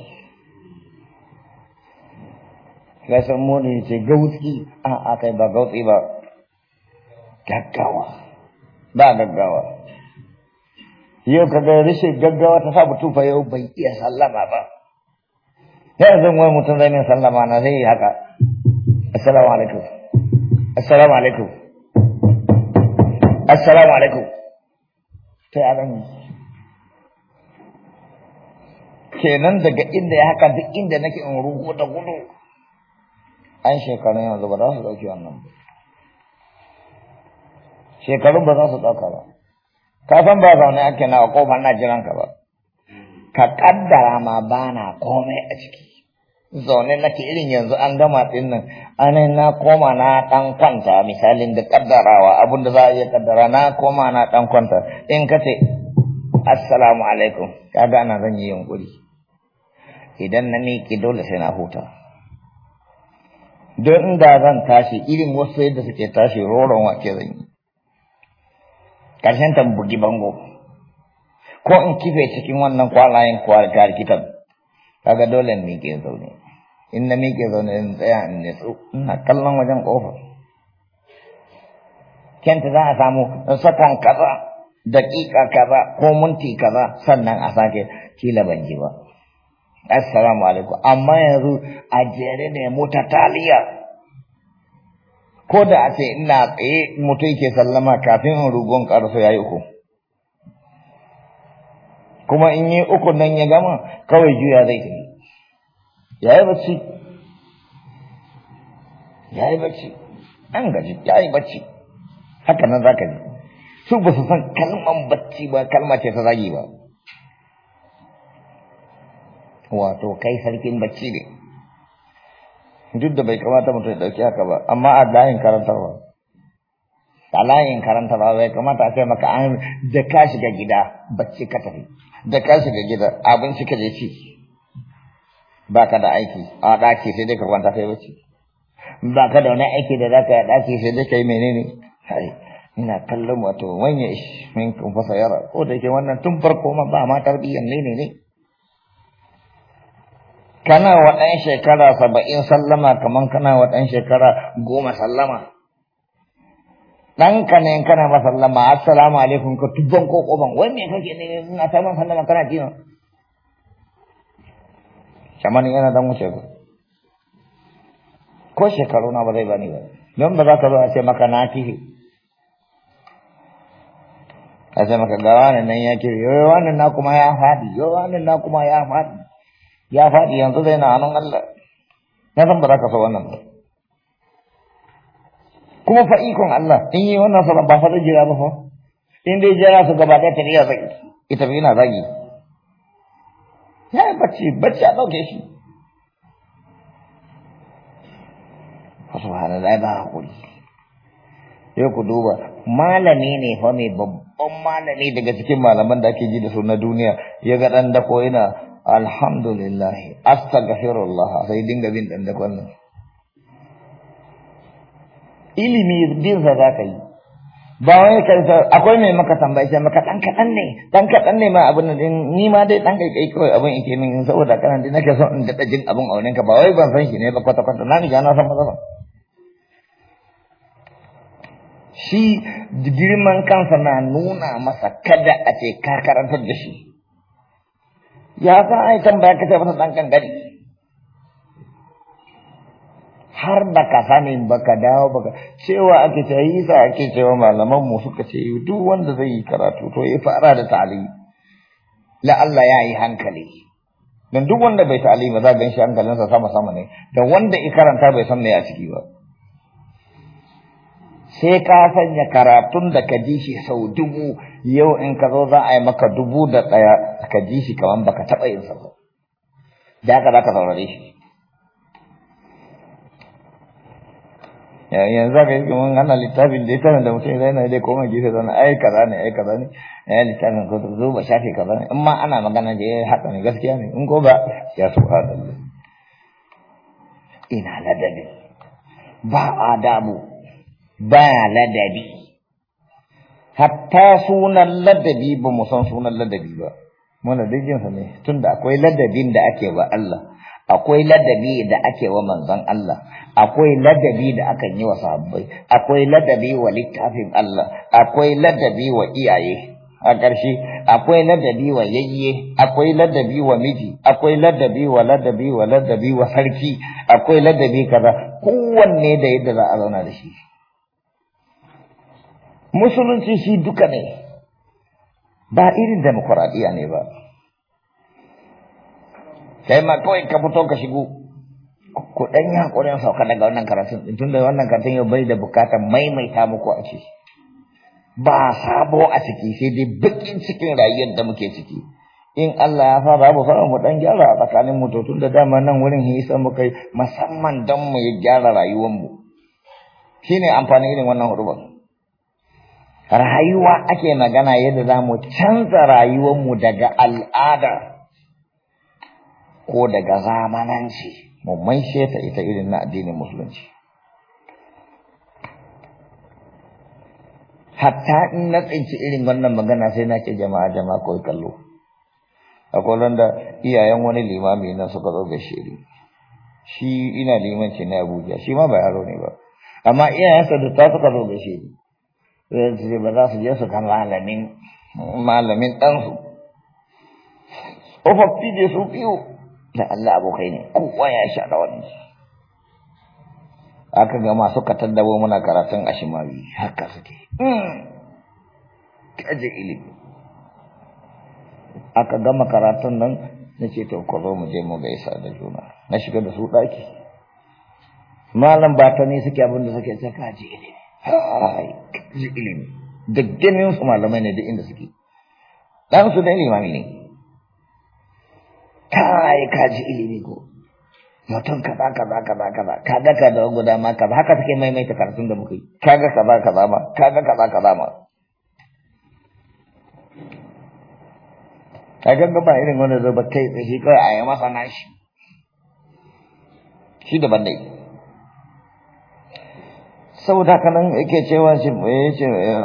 ya san ne ce gausi a a kai ba gausi ba gaggawa ba gaggawa yau ka ga rashin gaggawa ta sa tufa yau bai iya sallama ba zan wani mutum zai min sallama na zai yi haka assalamu alaikum assalamu alaikum assalamu alaikum ta yi abin kenan daga inda ya haka duk inda nake in rugu da gudu an shekarun yanzu ba za su ɗauki wannan ba shekarun ba za su ɗauka ba ka san ba zaune ake na a kofar na jiranka ba ka ƙaddara ma ba na komai a ciki zaune nake irin yanzu an gama ɗin nan anan na koma na ɗan kwanta misalin da ƙaddarawa abin da za a iya ƙaddara na koma na ɗan kwanta in ka ce assalamu alaikum ka gana zan yi yunƙuri idan na miƙe dole sai na huta don inda zan tashi irin wasu yadda suke tashi roron wake zan yi ƙarshen tambugi bango ko in kife cikin wannan kwalayen kwalitar kitan kaga dole in miƙe zaune in na miƙe zaune in tsaya in su. ina kallon wajen ƙofar kenta za a samu sakon kaza daƙiƙa kaza ko minti kaza sannan a sake kila ban ji ba assalamu alaikum amma yanzu a jere ne mota taliya ko da a ce ina tsaye mutum ke sallama kafin in rugon ƙarfi ya uku kuma in yi uku nan ya gama kawai juya zai ta ya yi bacci ya yi bacci an gaji ya yi bacci haka nan za ka ji su ba su san kalman bacci ba kalma ce ta zagi ba wato kai sarkin bacci ne duk da bai kamata mutum ya dauki haka ba amma a layin karantarwa a layin karantarwa bai kamata a ce maka an da ka shiga gida bacci ka tafi da ka shiga gida abinci ka je ci ba ka da aiki a ɗaki sai dai ka kwanta kai bacci ba ka da wani aiki da za ka yi a ɗaki sai dai ka yi menene ina kallon wato wanya min kun fasa yara ko da yake wannan tun farko ma ba ma tarbiyyar ne ne ne kana wa ɗan shekara saba'in sallama kaman kana wa ɗan shekara goma sallama ɗanka ne kana masallama assalamu alaikum ka tubban ko ƙofan wai me kake ne ina samun sallama kana jina shamanin yana dan wuce ku ko shekaru na ba zai bani ba don ba za ka zo a ce maka na kifi a ce maka ga wani nan ya kifi yau wani na kuma ya faɗi yau wani na kuma ya faɗi ya faɗi yanzu zai na hannun Allah na san ba za ka so wannan ba kuma fa ikon Allah in yi wannan sabon ba fa jira ba fa in dai jira su gaba ɗaya tafiya zai ita bi na zagi ya yi bacci bacci a ɗauke shi wasu zai ba haƙuri yau ku duba malami ne fa mai babban malami daga cikin malaman da ake ji da su na duniya ya ga ɗan dako yana alhamdulillah astaghfirullah sai dinga bin ɗan dakon nan ilimi bin sa za ka yi ba wai ka akwai mai maka tambaya sai maka dan kadan ne dan kadan ne ma abun nan din ni ma dai dan kai kai kawai abun yake min saboda kana din nake son in dada jin abun auren ka ba wai ban san shi ne ba kwata kwata na ga na san maza ba shi girman kansa na nuna masa kada a ce ka karantar da shi ya san ai tambaya ka ce masa dan kankani har baka sanin baka dawo baka cewa ake ce sa ake cewa malaman mu suka ce duk wanda zai yi karatu to ya fara da ta'ali la Allah ya yi hankali dan duk wanda bai ta'ali ba za ga shi hankalinsa sama sama ne da wanda i karanta bai san me a ciki ba sai ka sanya karatun da ka ji shi sau dubu yau in ka zo za a yi maka dubu da ɗaya ka ji shi kamar baka taɓa yin sa ba da haka za ka saurare shi yanzu za ka yi kuma ana littafin da littafin da mutum zai na dai koma gefe zana ai kaza ne ai kaza ne eh littafin ko zo ba shafe kaza ne amma ana magana da ya haka ne gaskiya ne in ko ba ya subhanallah ina ladabi ba adabu ba ladabi hatta sunan ladabi ba mu san sunan ladabi ba muna duk sa ne tunda akwai ladabin da ake ba Allah akwai ladabi da ake wa manzon Allah akwai ladabi da akan yi wa sahabbai akwai ladabi wa littafin Allah akwai ladabi wa iyaye a ƙarshe akwai ladabi wa yayye akwai ladabi wa miji akwai ladabi wa ladabi wa ladabi wa sarki akwai ladabi kaza kowanne da yadda za a zauna da shi musulunci shi duka ne ba irin demokuraɗiyya ne ba kai ka fito ka shigo ku dan yi hakurin sauka daga wannan karatun din tunda wannan karatun ya bai da bukatar maimaita muku a ciki ba sabo a ciki sai dai bakin cikin rayuwar da muke ciki in Allah ya fara abu fara mu dan gyara tsakanin mu to tunda dama nan wurin hisa mu kai musamman dan mu ya gyara rayuwar mu shine amfanin irin wannan hudubar rayuwa ake magana yadda za mu canza rayuwarmu daga al'ada ko daga zamananci mu maishe ita irin na addinin musulunci hatta in na tsinci irin wannan magana sai na ce jama'a jama'a kawai kallo akwai wanda iyayen wani limami nan suka zo ga shiri shi ina limanci na abuja shi ma ba yaro ne ba amma iyayensa da ta suka zo ga shiri zai ba za su je su kan malamin malamin ɗansu tsofaffi da su biyu da Allah abokai ne kowa ya sha da wani aka ga masu kataddabo muna karatun ashimawi haka suke hmm. kaje ilimi aka gama karatun nan na ce to ku zo mu je mu gaisa da juna na shiga da su ɗaki malam ba ta ne suke abin da suke ka kaji ilimi hai kaji ilimi da ganin su malamai ne da inda suke dan su da limami ne kai ka ji ilimi ko mutum kaza kaza kaza kaza ba ka da guda ma ba haka take maimaita karatun da muke. Ka ga kaga kaza ba. ma kaga kaza ba ma A ga ba irin wanda zai ba kai shi kai a yi masa nashi shi daban dai saboda haka nan yake cewa shi eh, eh,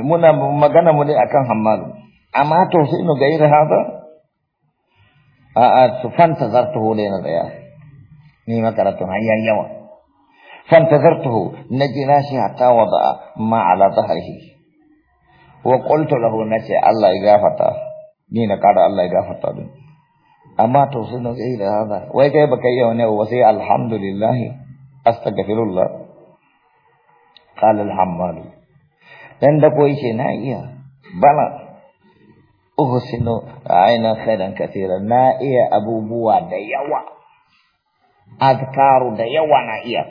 muna magana mu ne akan hammalu amma to sai ga irin haka آه، فانتظرته ليلا ضياء نيما كرتون هيا يوا فانتظرته نجراشي حتى وضع ما على ظهره وقلت له نسي الله إغافتا نينا قال الله إغافتا دون أما توصلنا إلى هذا وكيف كيونه نعم، وسيع الحمد لله أستغفر الله قال الحمد لله لن koyi ce na iya uhsinu aina khairan kathira na iya abubuwa da yawa azkaru da yawa na iya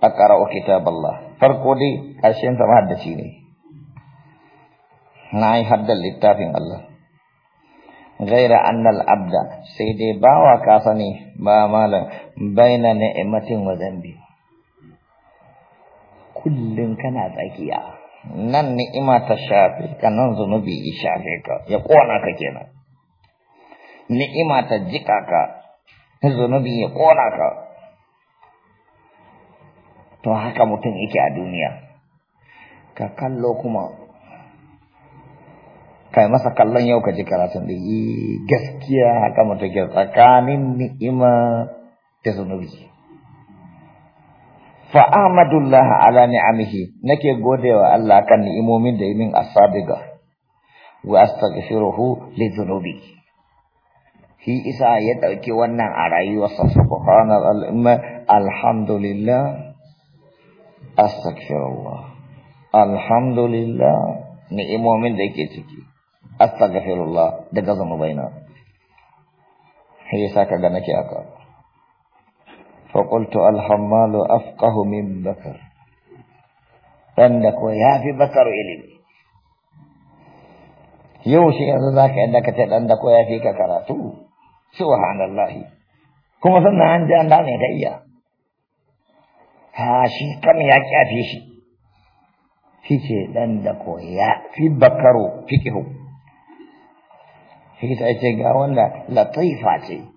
aqra'u kitaballah farko dai karshen ta shi ne na yi hadda littafin Allah Gaira annal abda sai dai bawa ka sani ba malam baina ni'matin wa zambi Kullum kana tsakiya nan ni'ima ta shafe ka nan zunubi ya shafe ka ya kona ka kenan ni'ima ta jika ka zunubi ya kona ka to haka mutum yake a duniya ka kallo kuma kai masa kallon yau ka ji karatun da yi gaskiya haka mutum ke tsakanin ni'ima da zunubi fa ahmadullah ala ni'amihi nake godewa Allah kan ni'imomin da yimin asabiga wa astaghfiruhu li dhunubi shi isa ya dauke wannan a rayuwarsa subhanal alhamdulillah astaghfirullah alhamdulillah ni'imomin da yake ciki astaghfirullah daga zanubaina shi yasa kaga nake aka Fakultu alhammalu afqahu min bakar. Wanda kuwa ya fi bakar ilimi. Yau shi yanzu za ka yadda ka ce da kuwa fi ka karatu. Subhanallahi. Kuma sannan an ji an da mai ta iya. Ha shi kan ya kyafi shi. Fi ce ɗan da kuwa fi bakaru fi kihu. Fi ta ce ga wanda latifa ce.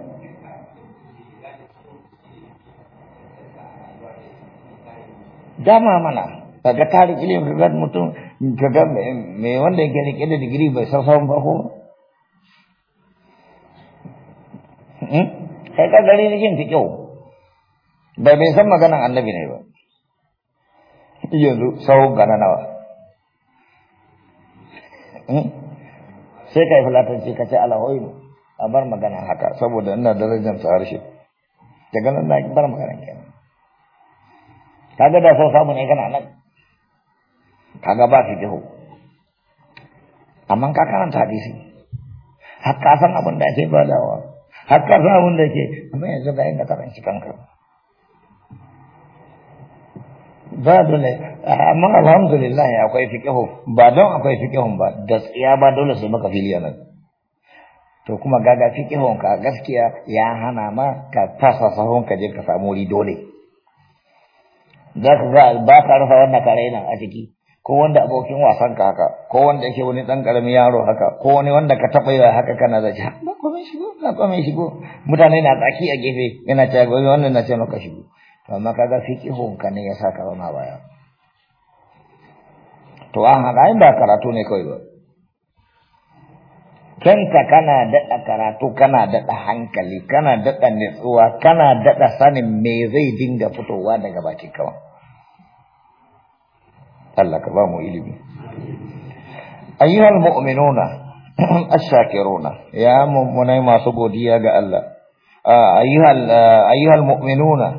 dama mana tarin ilimin mutum mai wanda yake rike da digiri bai san sauran ba ka gari rikin ta kyau bai bai san maganan annabi ne ba yanzu gana nawa sai ka yi ka ce alahoyi a bar magana haka saboda ina darajar harshe daga nan na bar magana kenan kaga da so samu ne kana nan kaga ba ki jihu amma ka karanta hadisi har ka san abin da ake badawa har ka san abin da ke amma yanzu ga inda ka ranci kanka ba dole amma alhamdulillah akwai fiqihu ba don akwai fiqihun ba da tsiya ba dole sai maka filiya nan to kuma gaga fiqihun ka gaskiya ya hana ma ka fasa sahun ka je ka samu wuri dole za ka ga ba ka rasa wannan kare nan a jiki ko wanda abokin wasan ka haka ko wanda yake wani dan karamin yaro haka ko wani wanda ka taba yawa haka kana da shi ba mai shigo ba mai shigo mutane na tsaki a gefe yana ta gobe wannan na ce maka shigo to amma kaga fiqhun ka ne ya saka ba ma baya to an haka ba karatu ne kawai ba kanka kana daɗa karatu kana daɗa hankali kana daɗa nutsuwa kana daɗa sanin me zai dinga fitowa daga baki kawan Allah ka ba mu ilimi ayyuhal mu'minuna ash-shakiruna ya mu'minai masu godiya ga Allah ayyuhal ayyuhal mu'minuna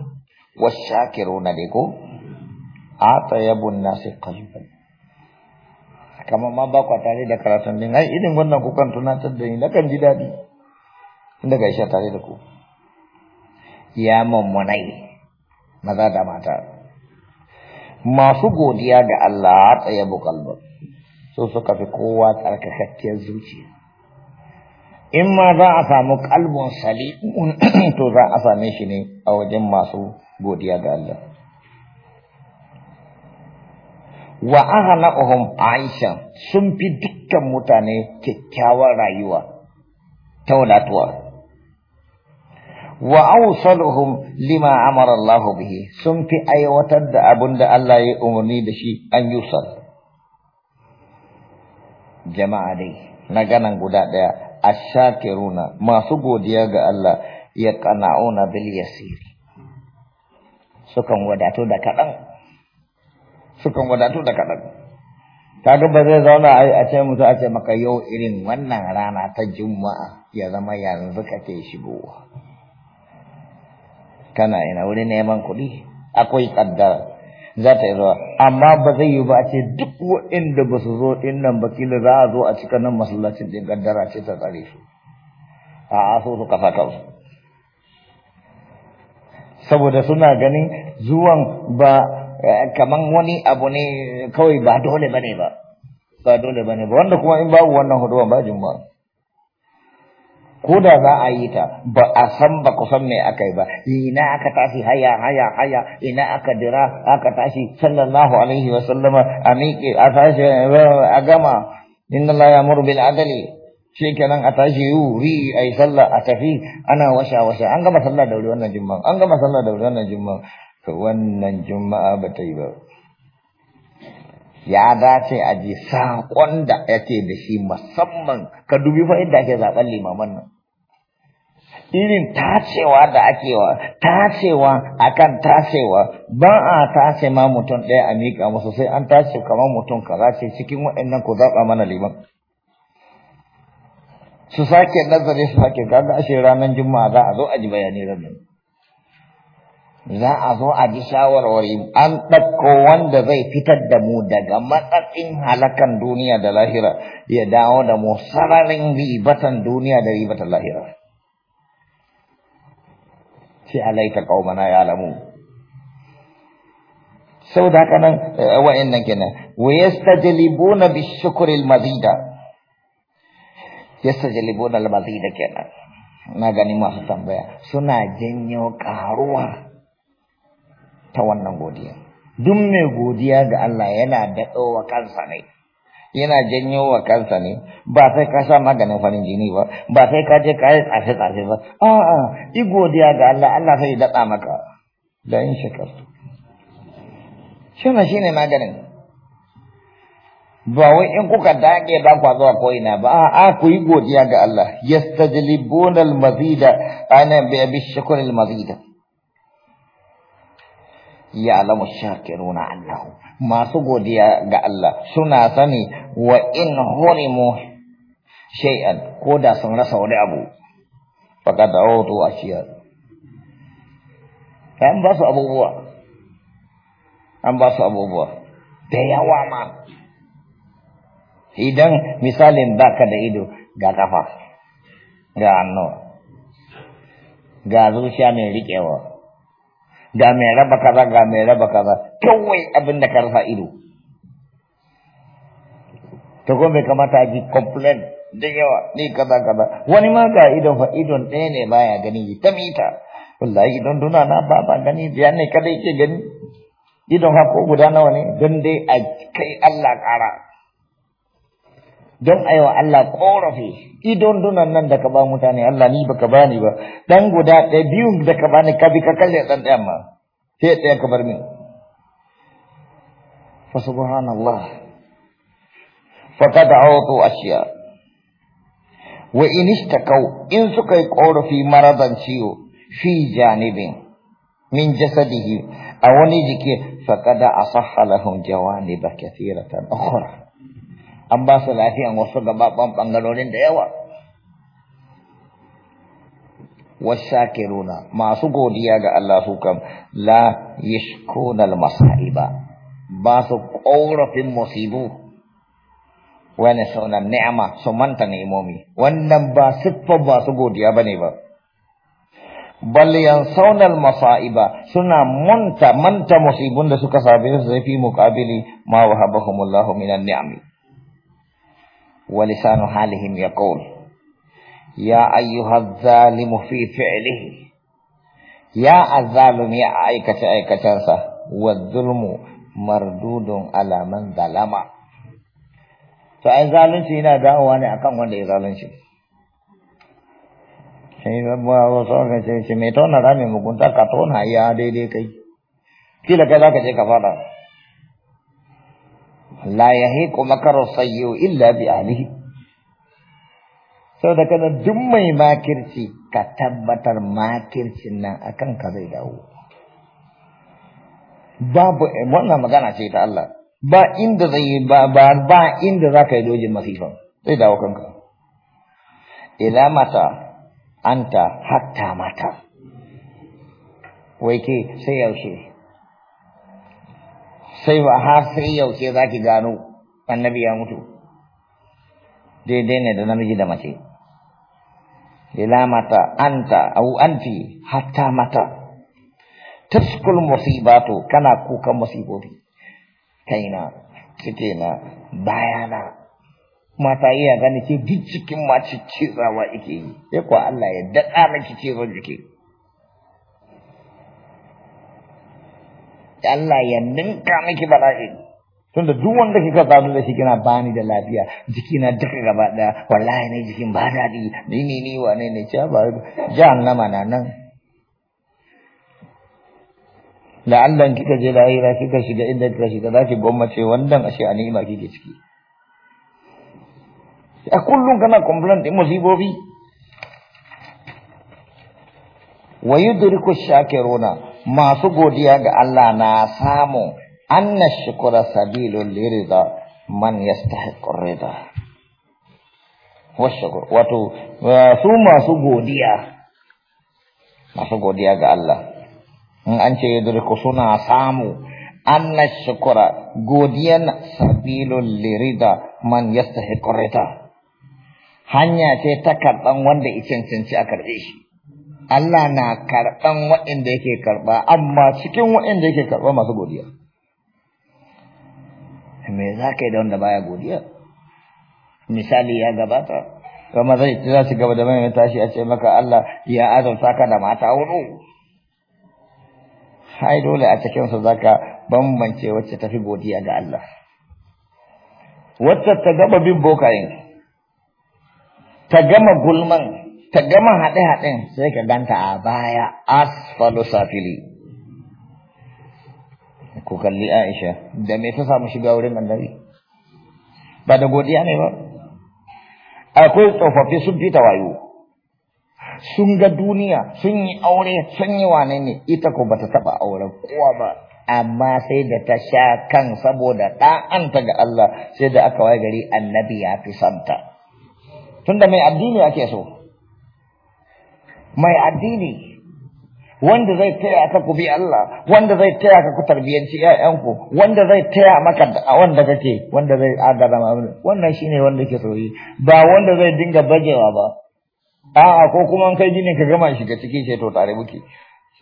wash-shakiruna ne ko atayabun nasi qalban kamar ma ba kwa tare da karatun din ai irin wannan kukan tunatar da ni kan ji daɗi inda ga isha tare da ku ya mummunai maza da mata masu godiya ga Allah tsaye bukalbar so suka fi kowa tsarkakakkiyar zuciya in ma za a samu kalbun sali to za a same shi ne a wajen masu godiya ga Allah wa ahana uhum aisha sun fi dukkan mutane kyakkyawar rayuwa ta wadatuwa wa awsaluhum lima amara Allah bihi sun fi aiwatar da abin da Allah ya umarni da shi an yusal jama'a dai na ganan guda daya ashakiruna masu godiya ga Allah ya ƙana'una bil yasir sukan wadatu da kaɗan. sukan wadatu da kaɗan kaga ba zai zauna a ce mutu a ce maka yau irin wannan rana ta juma'a ya zama yanzu kake shigowa kana ina wuri neman kuɗi akwai kaddara za ta yi zuwa amma ba zai yi ba a ce duk waɗanda ba su zo ɗin nan ba kila za a zo a cika nan masallacin ɗin kaddara ce ta tsare su a aso su kafa kansu saboda suna ganin zuwan ba Eh, kaman wani abu ne kawai ba dole bane ba ba dole bane ba wanda kuma in ba wannan huduwa ba ba ko da za a yi ta ba a san ba ku san me aka yi ba ina aka tashi haya haya haya ina aka dira aka tashi sallallahu alaihi wa sallama a miƙe a tashi a gama inna la ya'muru bil adli shikenan a tashi yuri ai sallah a tafi ana washa washa an gama sallah da wuri wannan jumma'a an gama sallah da wuri wannan jumma'a to wannan juma'a ba ta yi ba ya dace a ji saƙon da yake da shi musamman ka dubi fa inda ake zaɓen limaman nan irin tacewa da ake wa tacewa akan tacewa ba a tace ma mutum ɗaya a miƙa musu sai an tace kamar mutum kaza ce cikin waɗannan ku zaɓa mana liman su sake nazari su sake gaga ashe ranar juma'a za a zo a ji bayani ranar za a zo a ji shawarwari an ɗauko wanda zai fitar da mu daga matsatsin halakan duniya da lahira ya dawo da mu sararin ribatan duniya da ribatan lahira. Sai alaita ƙaumana ya alamu. Sau da haka nan eh, wa'in nan kenan, wa yastajlibuna bi shukril mazida. Yastajlibuna na mazida kenan. Na gani masu tambaya suna janyo ƙaruwa ta wannan godiya duk mai godiya ga Allah yana daɗo wa kansa ne yana janyo wa kansa ne ba sai ka sha maganin farin jini ba ba sai ka je ka yi tsafe tsafe ba a'a i godiya ga Allah Allah sai daɗa maka da in shakartu shine shine maganin ba wai in kuka dage ba kwa zuwa ko ina ba a ku yi godiya ga Allah yastajlibuna al-mazida ana bi shukr al-mazida ya'lamu Allah ma masu godiya ga Allah suna sani wa in hurimu shay'an ko da sun rasa wani abu faqad awtu ashiya an ba su abubuwa an ba su abubuwa da yawa ma idan misalin baka da ido ga kafa ga hannu ga zuciya mai riƙewa ga mai raba kaza ga mai raba kaza kawai abin da ka rasa ido ta kuma bai kamata ji complain da yawa ni kaza kaza wani ma ga idon fa idon ɗaya ne baya gani ta mita wallahi idon duna na ba ba gani biya ne kada yake gani idon ha ko guda nawa ne don dai a kai Allah kara don aiwa Allah korafi idon dunan nan da ka ba mutane Allah ni baka bani ba dan guda ɗaya biyun da ka bani ka bi ka kalle dan ɗayan ma sai ɗaya ka bar min fa subhanallah faqad awtu ashiya wa in istakau in suka yi korafi maradan ciwo fi janibin min jasadihi a wani jiki faqad asahha lahum jawaniba kathiratan ukhra an ba su lafiyan wasu gababban ɓangarorin da yawa wasakiruna masu godiya ga Allah su kam la yashkuna almasaiba ba su ƙorafin musibu wani saunan ni'ama su manta ni'imomi wannan ba siffar ba su godiya ne ba bal yansawna masaiba suna manta manta musibun da suka sabe su fi muqabili ma wahabahumullahu minan ni'ami ولسان حالهم يقول يا أيها الظالم في فعله يا الظالم يا أيكة أيكة تنسى والظلم مردود على من ظلم فأي ظالم سينا دعواني أكام وانا ظالم سينا sai babba wasu aka ce ce mai tona rami mugunta ka tona ya daidai kai kila kai za ka je ka fada la yahiqu makaru sayyu illa bi ahlihi saboda kana duk mai makirci ka tabbatar makircin nan akan ka zai dawo babu wannan magana ce ta Allah ba inda zai yi ba ba inda za ka yi dojin masifan zai dawo kanka ila mata anta hatta mata wai ke sai yaushe sai ba har sai yaushe za ki gano annabi ya mutu daidai ne da namiji da mace ila mata anta au anti hatta mata taskul musibatu kana kuka musibobi kaina cike na bayana mata iya gani ke duk cikin mace zawa ike yi ya kwa Allah ya daɗa ki cizon jiki Allah ya ninka miki bala'i tunda duk wanda kika sadu da shi kina bani da lafiya jikina duka gaba daya wallahi ne jikin ba daɗi ni ni ni wane ne ce ba jahannama na nan da Allah kika je lahira kika shiga inda kika shiga ki gwammace wannan ashe a ni'ima kike ciki a kullum kana complain din musibobi wa yudriku shakiruna masu godiya ga Allah na samu anna shukura sabilun lirida man ya yastahiqur rida washukur wato su masu godiya masu godiya ga Allah in an ce yadriku suna samu anna shukura godiyan sabilun lirida man ya yastahiqur rida hanya ce ta karɗan wanda ikin cinci a karɗe shi Allah na karɓan waɗanda yake karɓa amma cikin waɗanda yake karɓa masu godiya me za ka yi da wanda baya godiya misali ya gabata kuma zai za su gaba da mai tashi a ce maka Allah ya azurta ka da mata hudu hai dole a cikinsa za ka bambance wacce tafi godiya ga Allah wacce ta gama bin bokayen ta gama gulman ta gama haɗe-haɗen sai ka ganta a baya asfalu safili ku kalli aisha da me ta samu shiga wurin annabi ba da godiya ne ba akwai tsofaffi sun fita wayo sun ga duniya sun yi aure sun yi wane ne ita ko bata taɓa aure kowa ba amma sai da ta sha kan saboda ɗa'anta ga Allah sai da aka waye gari annabi ya fi santa tunda mai addini ake so mai addini wanda zai taya ka ku bi Allah wanda zai taya ka ku tarbiyanci ƴaƴanku wanda zai taya maka a wanda kake wanda zai adana ma'amala wannan shine wanda ke soyi ba wanda zai dinga bajewa ba a'a ko kuma an kai jinin ka gama shi ga ciki shi, to tare muke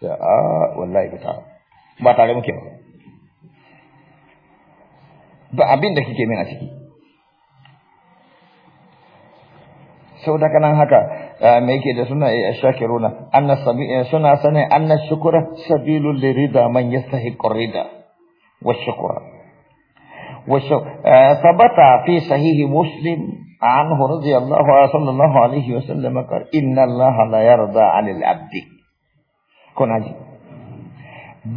a wallahi ka ba tare muke ba ba abin da kike min a ciki sau da kanan haka me yake da suna shakiruna anna sabi suna sanin anna shukura sabilul lirida man yastahiqu rida wa shukura wa sabata fi sahihi muslim عنه رضي الله صلى الله عليه وسلم قال إن الله لا يرضى عن العبد كن عجيب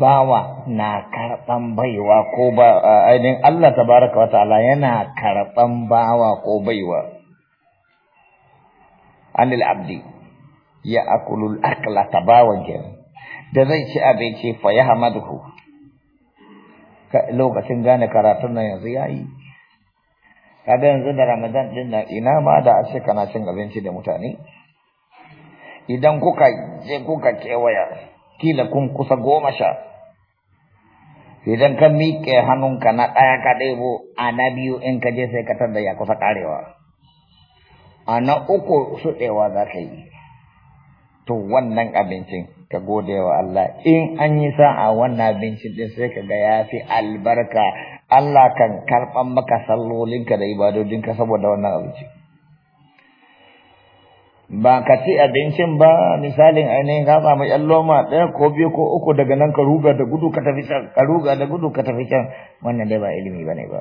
bawa na karɓan baiwa ko ba ainihin Allah tabaraka wa ta'ala yana karɓan bawa ko baiwa anil abdi ya akulul akla tabawan kenan da zai ci abinci fa ya hamaduhu lokacin gane karatun nan yanzu yi. kaga yanzu da Ramadan din nan ina ma da ashe kana cin abinci da mutane idan kuka je kuka kewaya kila kun kusa goma sha idan ka miƙe hannunka na ɗaya ka ɗebo a na biyu in ka je sai ka tarda ya kusa ƙarewa a na uku ɗewa za ka yi to wannan abincin ka gode wa Allah in an yi a wannan abincin din sai ka ga ya fi albarka Allah kan karɓan maka sallolinka da ibadodinka saboda wannan abincin ba ka ci abincin ba misalin ainihin ka samu yan loma ɗaya ko biyu ko uku daga nan ka ruga da gudu ka tafi can ka ruga da gudu ka tafi can wannan dai ba ilimi ba ne ba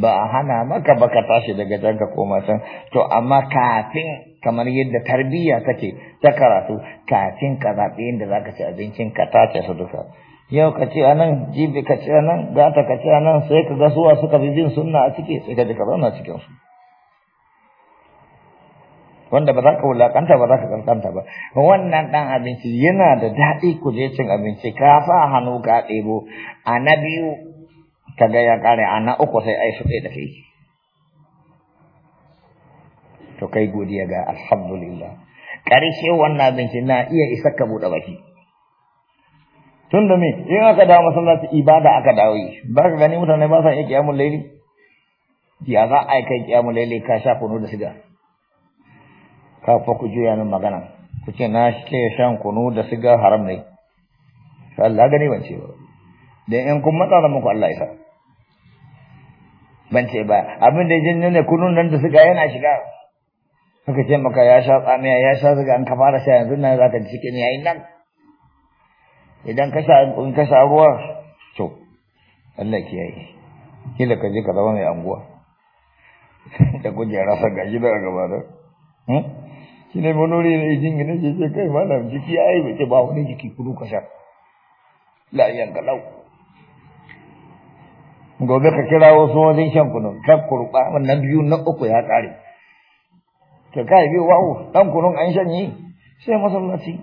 ba a hana maka ba ka tashi daga can ka koma can to amma kafin kamar yadda tarbiyya take ta karatu kafin ka zaɓi yadda za ka ci abincin ka tace su duka yau ka ci anan jibi ka ci anan gata ka ci anan sai ka ga suwa suka fi bin sunna a ciki sai ka ji ka zauna cikin su wanda ba za ka wulakanta ba za ka kankanta ba wannan dan abinci yana da daɗi ku je cin abinci ka sa hannu ka ɗebo a na biyu kaga ya kare ana uku sai ai su da kai to kai godiya ga alhamdulillah shi wannan bincin na iya isa ka bude baki tun da me in aka dawo masallaci ibada aka dawo yi ba ka gani mutane ba sa yi kiyamul laili ya za a kai kiyamul laili ka sha kunu da siga ka fa ku juya nan magana ku ce na ke shan kunu da siga haram ne Allah gani ban ce ba dan in kun matsa muku Allah ya sa ban ce ba abin da jin ne kunun nan da suka yana shiga suka ce maka ya sha tsamiya ya sha suga an ka fara sha yanzu nan za ka ji cikin yayin nan idan ka sha in ka sha ruwa to Allah kiyaye kila ka je ka zama mai anguwa da rasa ga gashi daga gaba da hmm? shi ne munuri ne jingina ce ce kai malam jiki ai ce ba wani jiki kudu ka sha la yan galau gobe ka kira wasu wajen shan kunu kar kurba wannan biyu na uku ya kare to kai biyu wa'u dan kunun an shan yi? sai masallaci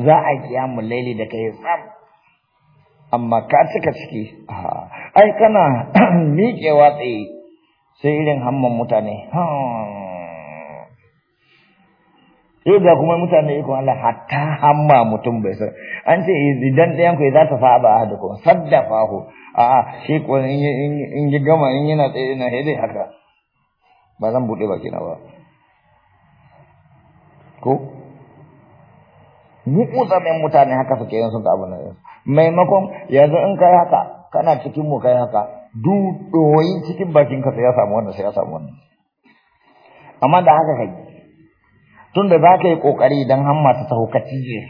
za a mu laili da kai tsam amma ka cika ciki ai kana miƙewa tsaye sai irin hamman mutane ha sai ga kuma mutane iko Allah hatta hamma mutum bai san an ce idan ɗayan kai za ta saba da kuma saddafa ku a'a shi ko in ji gama in yana tsaye yana hede haka ba zan buɗe baki na ba ko mutsamin mutane haka suke yin sun ga abu na yau maimakon yanzu in kai haka kana cikin mu kai haka duk cikin bakin ka sai ya samu wannan sai ya samu wannan amma da haka kai tunda za ka yi ƙoƙari don hamma ta taho ka cije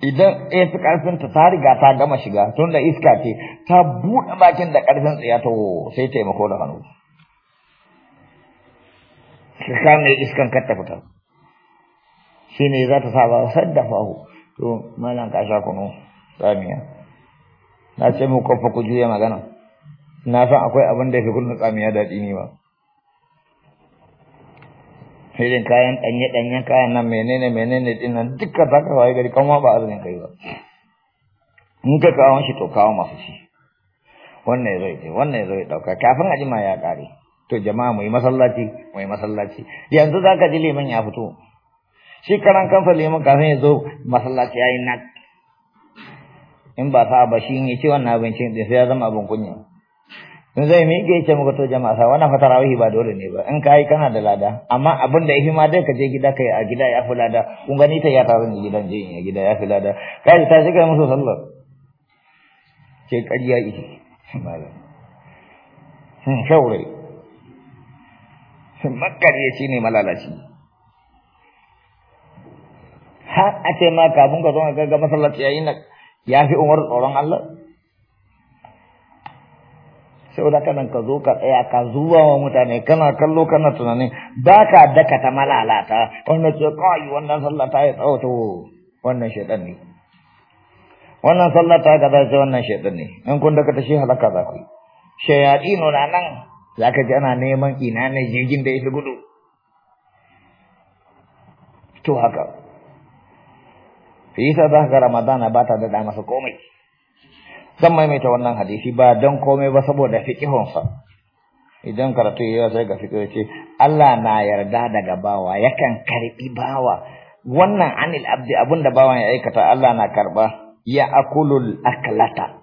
idan ya fi ƙarfinta ta riga ta gama shiga tunda iska ce ta buɗe bakin da ƙarfin tsaya ta sai taimako da hannu ka kame iskan kar ta fita shi ne za ta saba saddafa to malam ka sha kunu tsamiya na ce mu fa ku juya magana na san akwai abin da ya fi kunna tsamiya daɗi ne ba irin kayan ɗanye ɗanyen kayan nan menene menene din nan duka za ka gari kan ba azumin kai ba in ka kawo shi to kawo masu shi wannan ya zai wannan ya zai ɗauka kafin a jima ya ƙare to jama'a mu yi masallaci mu yi masallaci yanzu za ka ji liman ya fito shi karan kansa liman kafin ya zo masallaci ya yi nak in ba sa ba shi ne ce wannan abincin din sai ya zama abin kunya in zai ga ce muka to jama'a sa wannan fatara rawihi ba dole ne ba in ka yi kana da lada amma abin da yafi ma dai ka je gida kai a gida ya fi lada kun gani ta ya taru ni gidan je a gida ya fi lada kai ta shiga musu sallar ce kariya ita malam sun shaure sun makaryaci ne malalaci Ha a ce ma kafin ka zo ga masallaci yayin ya fi umar tsoron Allah saboda kanan ka zo ka tsaya ka zuwa wa mutane kana kallo kana tunanin ba ka daka ta malalata wannan ce kawai wannan sallah ta yi tsawo wannan shaidan ne wannan sallah ta gaza ce wannan shaidan ne in kun daka ta shi halaka za ku shayadi nuna nan za ka ji ana neman ina ne jirgin da ya fi gudu to haka fi sa za ka ga ramadana ba ta da masa komai zan maimaita wannan hadisi ba don komai ba saboda fikihunsa idan karatu ya sai ga fiqh ce Allah na yarda daga bawa yakan karbi bawa wannan anil abdi da bawan ya aikata Allah na karba ya akulul aklata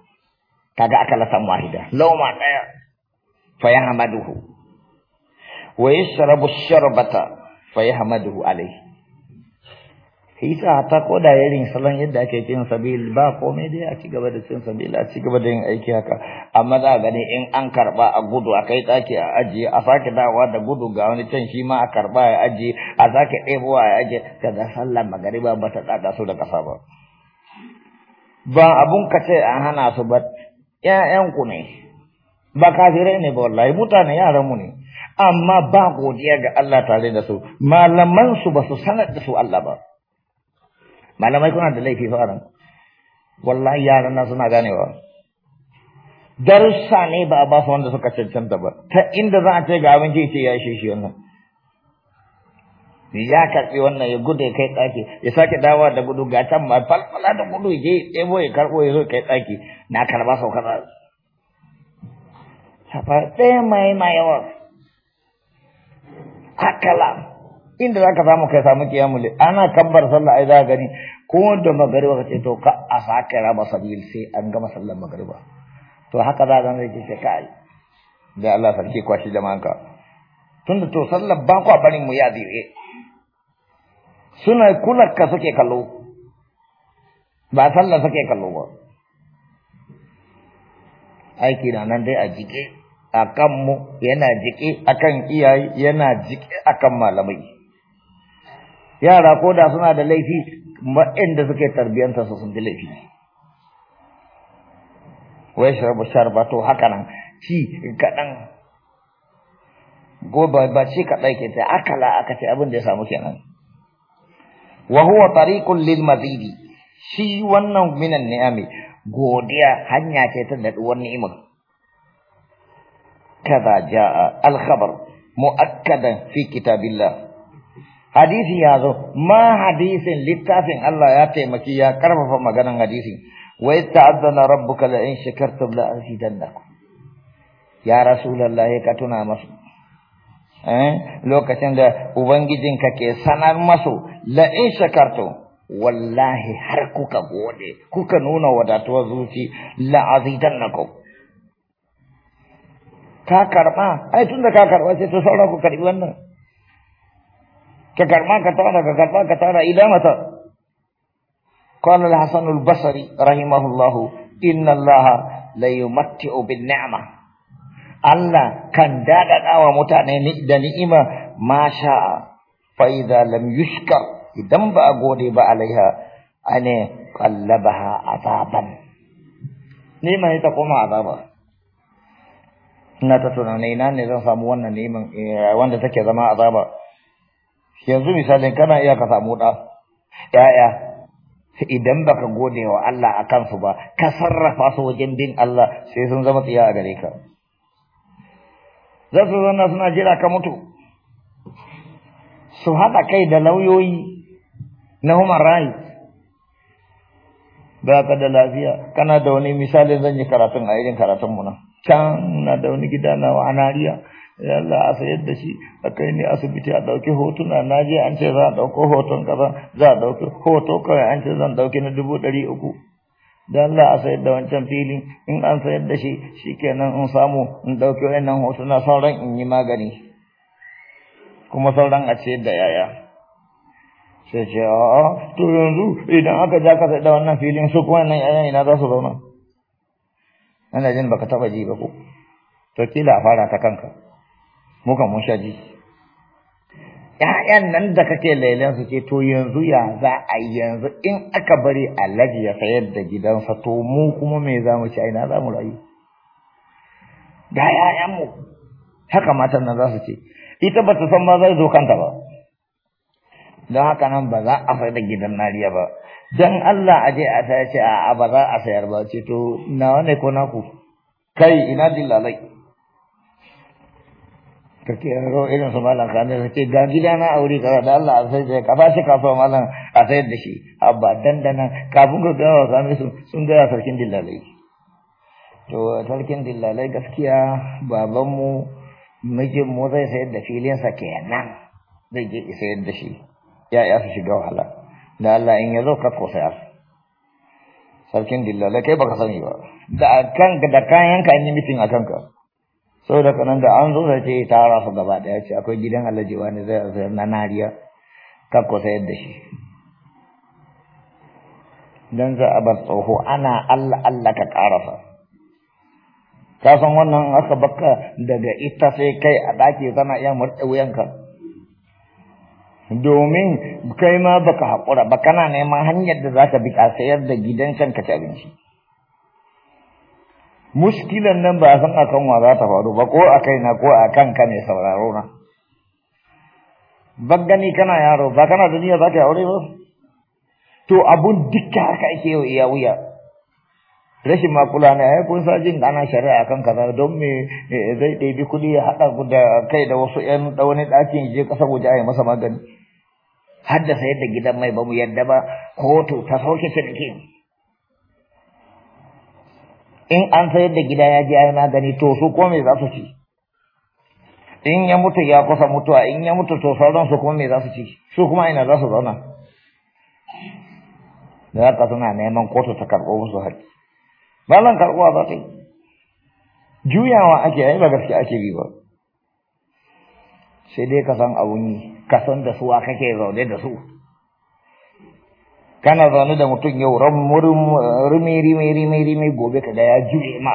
kaga akalata wahida lauma daya fa yahmaduhu wa yashrabu sharbata fa yahmaduhu alayhi isa ta koda yarin salon yadda ake cin sabil ba komai dai a cigaba da cin sabil a cigaba da yin aiki haka amma za a gani in an karba a gudu a kai tsaki a ajiye a sake dawowa da gudu ga wani can shi ma a karba a ajiye a sake ɗebowa a ajiye ga sallar magariba ba ta tsada su da kasa ba ba abun ka ce an hana su ba ƴaƴan ku ne ba kafirai ne ba wallahi mutane yaran mu ne amma ba godiya ga Allah tare da su malaman su ba su sanar da su Allah ba malamai kuna da laifi fa ran wallahi yaran nan suna ganewa darussa ne ba a ba su wanda suka cancanta ba ta inda za a ce ga abin ce ya shi shi wannan ya karbi wannan ya gude kai tsaki ya sake dawa da gudu ga can ma falfala da gudu je ɗebo ya karɓo ya zo kai tsaki na karba sau kaza safa ɗaya mai ma yawa akala inda za ka samu kai samu kiyamule ana kabbar sallah ai za ka gani ko da magariba ka ce to ka a sake raba sabil sai an gama sallar magariba to haka za ka zai ce kai da Allah sarki kwashi jama'anka tunda to sallar ba kwa barin mu ya zire suna kunar ka suke kallo ba sallar suke kallo ba aiki na nan dai a jike a kanmu yana jike akan iyaye yana jike akan malamai yara ko da suna da laifi waɗanda suke tarbiyanta su sun fi laifi wai sharabu sharba to haka nan ci kaɗan gobe ba ci kaɗai ke ta akala aka ce abin da ya samu kenan wa huwa tariqun lil mazidi shi wannan minan ni'ami godiya hanya ce ta daɗuwar ni'imar kaza jaa al khabar mu'akkadan fi kitabillah hadisi ya zo ma hadisin littafin Allah ya taimaki ya karfafa maganan hadisin wa ta'azzana rabbuka la in shakartum la azidannakum ya rasulullahi ka tuna masu eh lokacin da ubangijin ka ke sanar masu la in shakartum wallahi har kuka gode kuka nuna wadatuwa zuci la azidannakum ka karba ai tunda ka karba sai to saura ku karbi wannan ka karba ka tara ka karba ka tara ila mata qala al-hasan al-basri rahimahullah inna allaha la yumatti'u bin ni'ma Allah kan dadada wa mutane da ni'ima ma sha'a fa idza lam yushkar idan ba a gode ba alaiha ane qallabaha azaban Ni ni'ima ita kuma azaba ina ta tunanai na ne zan samu wannan neman eh, wanda take zama azaba yanzu misali kana iya ka samu da ‘ya'ya idan baka gode wa Allah a kansu ba ka sarrafa su wajen din Allah sai sun zama tsiya a gare ka za zanna suna jira ka mutu su haɗa kai da lauyoyi na human rights ba ka da lafiya kana da wani misalin zan yi karatun a irin karatunmu nan can na da wani gida na anariya ya Allah a sayar da shi a kai ni asibiti a ɗauki hotuna na je an ce za a ɗauko hoton kaza za a ɗauki hoto kawai an ce zan ɗauki na dubu ɗari uku da Allah a sayar da wancan filin in an sayar da shi shi kenan in samu in ɗauki wannan hotuna sauran in yi magani kuma sauran a ce da yaya sai ce a to yanzu idan aka ja ka sayar da wannan filin su kuma nan yayan ina za su zauna ana jin baka taba ji ba ko to kila a fara ta kanka muka mun shaji ‘ya'yan nan da kake lailan su ce to yanzu ya za a yanzu in aka bari alaji ya sayar da gidansa to mu kuma me za mu ci aina za mu rayu ga ‘ya'yanmu haka matan nan za su ce ita ba ta san ba zai zo kanta ba don haka nan ba za a sayar da gidan nariya ba don Allah a je a saya ce a ba za a sayar ba ce to na wane ko naku kai ina dillalai ka ke ro irin su malam kamil ka ce ga gida na aure kaza da Allah a sai ka ba shi kafa a sayar da shi abba dandana kafin ka ga wa kamil sun ga sarkin dillalai to sarkin dillalai gaskiya baban mu mijin mu zai sayar da filin sa sayar da shi ya su shiga wahala da Allah sarkin dillalai kai baka sani ba da kanka da kayanka an yi a sau da kanan da an zo da ce eh, ta rafa gaba daya ce akwai gidan alaji wani zai na nariya kakko sayar da shi don za a bar tsoho ana allah allah ka karasa ka san wannan aka baka daga ita sai kai a ɗaki zana iya wuyan ka? domin kai ma baka haƙura baka na neman hanyar da za ka bi a sayar da gidan can ka abinci mushkilan nan ba san akan wa za ta faru ba ko a kaina ko a kanka ne sauraro na gani kana yaro ba kana duniya za ka aure ba to abun dukka haka ake yau iya wuya rashin makula na ai kun sa jin ana shari'a akan kaza don me zai ɗaibi kuɗi ya haɗa da kai da wasu ƴan da wani ɗakin je ƙasa waje a masa magani haddasa yadda gidan mai ba mu yadda ba kotu ta sauke cikin. in an sayar da gida ya ji ayi magani to su ko me za su ci in ya mutu ya kusa mutuwa in ya mutu to sauran su kuma me za su ci su kuma ina za su zauna da haka suna neman kotu ta karɓo musu haƙƙi ba nan karɓuwa ba kai juyawa ake yi ba gaske ake bi ba sai dai ka san abun yi ka san da suwa kake zaune da su kana zaune da mutum yau rumi rime rime rime gobe ka ga ya jure ma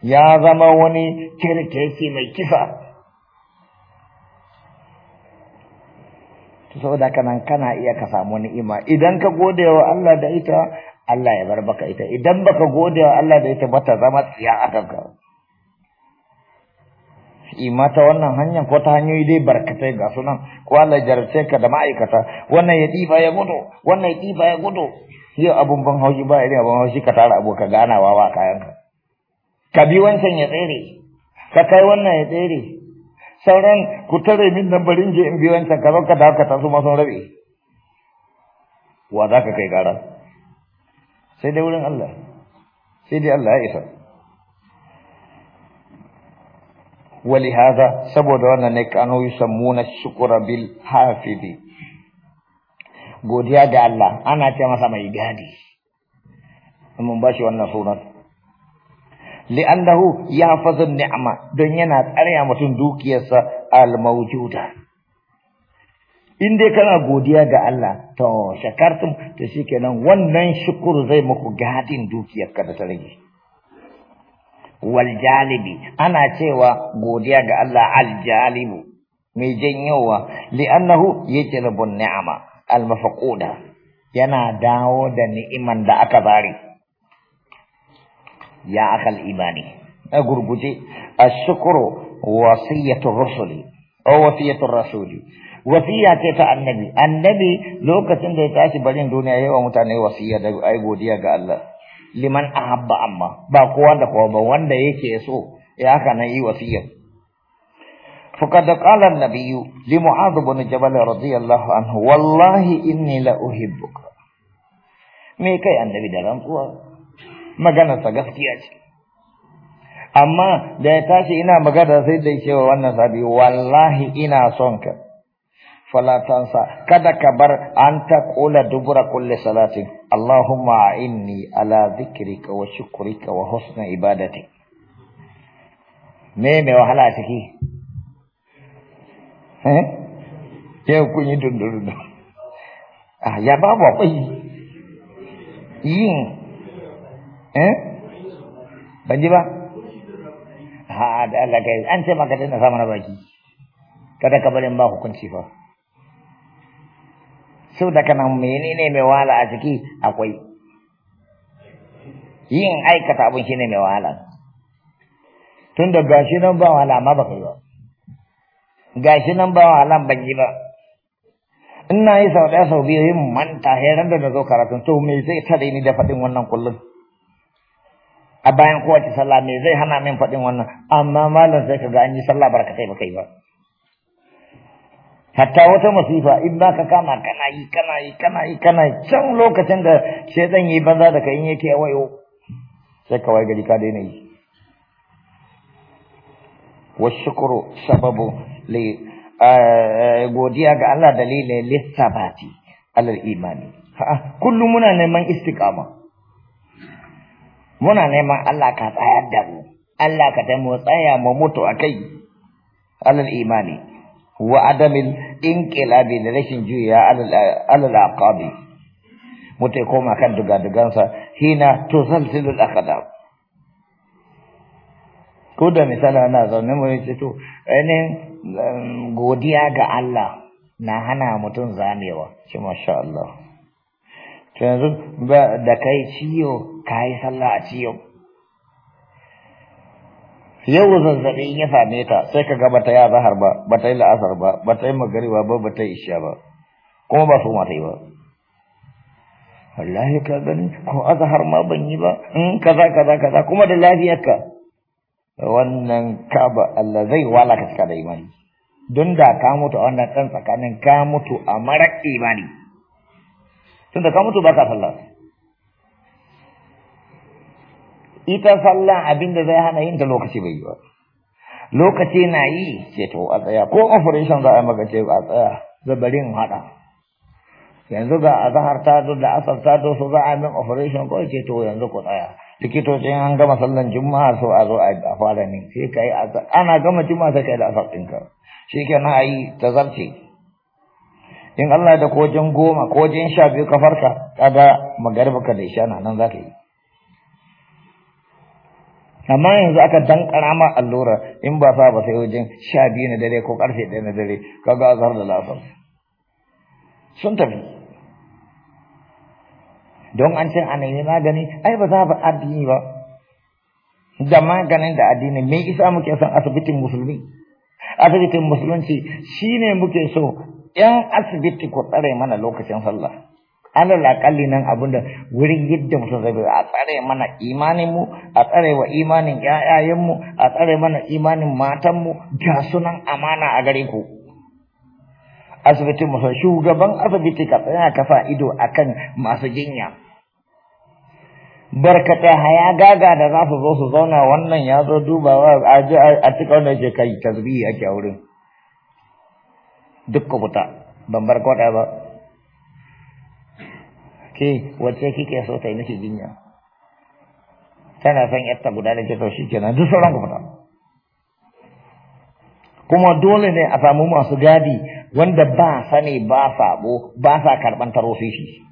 ya zama wani kirkeci mai kisa saboda kanan kana iya ka samu ni'ima idan ka gode wa Allah da ita Allah ya bar baka ita idan baka gode wa Allah da ita bata zama tsiya a kanka ima ta wannan hanyar ko ta hanyoyi dai barkatai ga sunan ko Allah jarabce ka da ma'aikata wannan ya diba ya gudu wannan ya diba ya gudu yau abun ban haushi ba irin abun haushi ka tara aboka ganawa ba kayan ka ka bi wancan ya tsere ka kai wannan ya tsere sauran ku tare min nan barin je in bi wancan ka zo ka dawo ka taso ma sun rabe wa za ka kai gara sai dai wurin Allah sai dai Allah ya isa ولهذا saboda wannan ne kanu yusammuna shukura bil hafidi godiya ga Allah ana ce masa mai gadi mun bashi wannan sunan li'annahu faza ni'ama don yana tsare mutum dukiyarsa al mawjuda in dai kana godiya ga Allah to shakartum to shikenan wannan shukuru zai muku gadin dukiyarka da ta rage Waljalibi ana cewa godiya ga Allah al mai janyowa li'annahu yajlibun ni'ama al mafquda yana dawo da ni'iman da aka bari ya akal imani a gurguje ashkuru wasiyatu rusuli aw wasiyatu rasuli wasiya ce ta annabi annabi lokacin da ya tashi barin duniya yayin mutane wasiya da ai godiya ga Allah liman ahabba amma ba kowa da kowa ba wanda yake so ya haka nan yi wasiyar فقد قال النبي لمعاذ بن جبل رضي الله Anhu, wallahi إني لا uhibbuka. me kai annabi da rantsuwa ta gaskiya ce amma da ya tashi ina magana sai da cewa wannan sabi wallahi ina son ka falatansa kada ka bar an ta kula dubura kulle salatin Allahumma inni ala zikrika wa shukrika wa husna ibadati me me wahala ciki eh yau kun yi dundurdu ah ya babu yi? yin eh ban ji ba ha ah, da Allah kai an ce maka tana sa na baki kada ka bari in ba hukunci fa sau da kanan menene mai wahala a ciki akwai yin aikata abin ne mai wahala tun da gashi nan ba wahala amma ba kai ba gashi nan ba wahala ban yi ba ina yi sau ɗaya sau biyu yin manta heran da na zo karatun to me zai tare ni da faɗin wannan kullum a bayan kowace sallah me zai hana min faɗin wannan amma malam sai ka ga an yi sallah barkatai ba kai ba hatta wata masifa in ba ka kama kana yi kana yi kana yi kana yi can lokacin da shaitan yi banza da kai in yake wayo sai ka wai gari ka daina yi shukuru sababu li eh, godiya ga Allah dalilin lissabati alal imani kullum muna neman istiqama muna neman Allah ka tsayar da mu Allah ka ta mu tsaya mu mutu akai alal imani wa adamil inqilabi da rashin juya alal aqabi mutai koma kan dugadugansa hina to sai al-aqdam ko da misali ana zaune mu yace to ainihin um, godiya ga Allah na hana mutum zamewa shi masha Allah to yanzu da kai ciyo kai sallah a ciyo yau zazzabi ya same ta sai ka ga bata ya zahar ba bata yi la'asar ba bata yi magariba ba bata yi isha ba kuma ba su mata yi ba wallahi ka gani ko azhar ma ban yi ba in hmm, kaza kaza kaza kuma da lafiyarka wannan kaba Allah zai wala ka cika da imani don da ka mutu a wannan kan tsakanin ka mutu a mara imani da ka mutu ka sallah ita sallah abinda zai hana yin ta lokaci bai yi ba lokaci na yi ce to a tsaya ko operation za a maka ce a tsaya zabarin hada yanzu ga azahar ta zo da asar ta zo su za a min operation ko ce to yanzu ku tsaya likitocin an gama sallan juma'a so a zo a fara ne sai kai ana gama juma'a sai kai da asar ɗinka shi ke a yi ta zarce in Allah da kojin goma kojin sha biyu ka farka kada magarba ka da isha na nan za ka yi amma yanzu aka dan karama allura in ba sa ba sai wajen sha biyu na dare ko karfe ɗaya na dare kaga azhar da lasar sun tafi don an ce a yi magani ai ba za ba addini ba da maganin da addini me isa muke son asibitin musulmi asibitin musulunci shine muke so yan asibiti ku tsare mana lokacin sallah alal aqalli nan abunda wurin yadda mutum zai a tsare mana imanin mu a tsare wa imanin yayayen mu a tsare mana imanin matan mu ga sunan amana a gare ku asibitin mu shugaban asibiti ka tsaya ka fa ido akan masu jinya Barkata haya gaga da za su zo su zauna wannan ya zo dubawa a cika wannan shekai tasbihi ake a wurin duk ku fita ban bar kwaɗa ba ke wacce kike so ta yi miki jinya tana son yatta guda da ke to shi kenan duk sauran ku fita kuma dole ne a samu masu gadi wanda ba sani ba sabo ba sa karban shi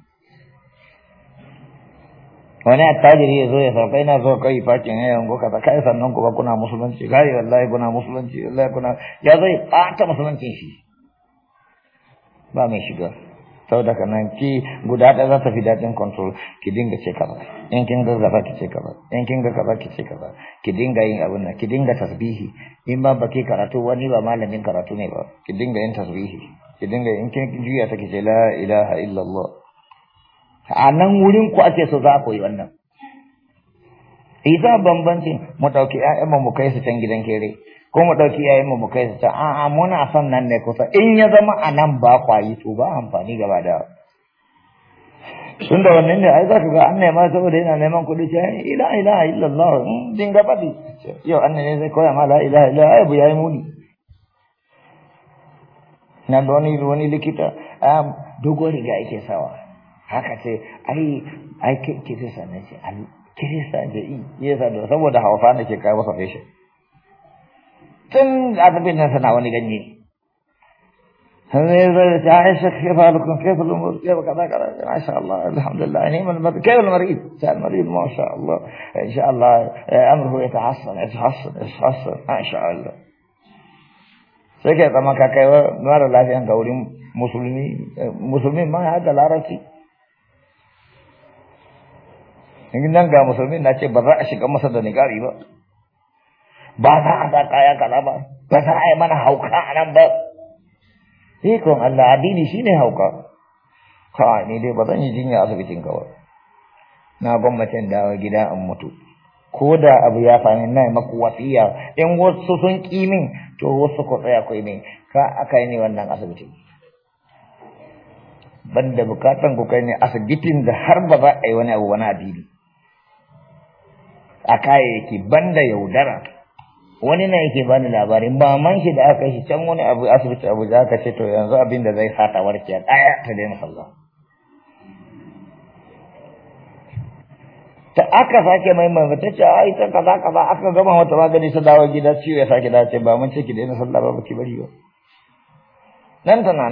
wani attajiri ya zo ya sauka ina zuwa kai fakin ya yango kaza kai sannan kuma kuna musulunci gari wallahi kuna musulunci wallahi kuna ya zai ya musulunci shi ba mai shiga saboda nan ki guda ɗaya za ta fi daɗin control ki dinga ce kaza in kin ga zaba ki ce kaza in kin ga gaba ki ce kaza ki dinga yin abin nan ki dinga tasbihi in ba baki karatu wani ba malamin karatu ne ba ki dinga yin tasbihi ki dinga in kin juya ta ki ce la ilaha illallah a nan wurin ku ake so za ku yi wannan Isa bambanci mu ɗauki ‘ya'yanmu mu kai su can gidan kere. ko mu ɗauki yayin mu kai su ta a'a muna son nan ne kusa in ya zama a nan ba kwayi to ba amfani gaba da tunda wannan ne ai za ka ga an nema saboda yana neman kuɗi ce ila ilaha Allah hmm, din ga faɗi yau an ne zai koya ma la ila illallah ai bu yayi muni na da wani wani likita dogon riga yake sawa haka ce ai ai kirista ne ce kirista da yi yasa saboda haufa ne ke kai masa fashion tun abin nan sana wani ganye هذا عائشة كيف حالكم كيف الأمور كيف كذا كذا ما شاء الله الحمد لله نعم المريض كيف المريض المريض ما شاء الله إن شاء الله آه، أمره يتحسن يتحسن يتحسن ما شاء الله سكت ما كاكا مر الله في أنكوري مسلمي آه، مسلمي ما هذا لا رأسي إن كان مسلمين نأتي برا أشيك أمسد نكاري بقى ba za a ba kaya kaza ba ba za a yi mana hauka a nan ba ikon Allah addini ne hauka ka ni dai ba zan yi jinya asibitin ka ba na gwamnatin dawo gida an mutu ko da abu ya faru na maku wasiya in wasu sun ki min to wasu ku tsaya ku min ka aka yi ne wannan asibitin da bukatan ku kai ne asibitin da har ba za a yi wani abu wani addini a kayayyaki banda yaudara wani na yake bani labari ba man shi da aka shi can wani abu asibiti abu za ka ce to yanzu abin da zai fata warkiya ɗaya ta daina sallah ta aka sake mai mai ta ce ai ta kaza kaza aka gama wata magani ta dawo gida ciwo ya sake dace ba mun ce ki daina sallah ba ki bari ba nan ta nan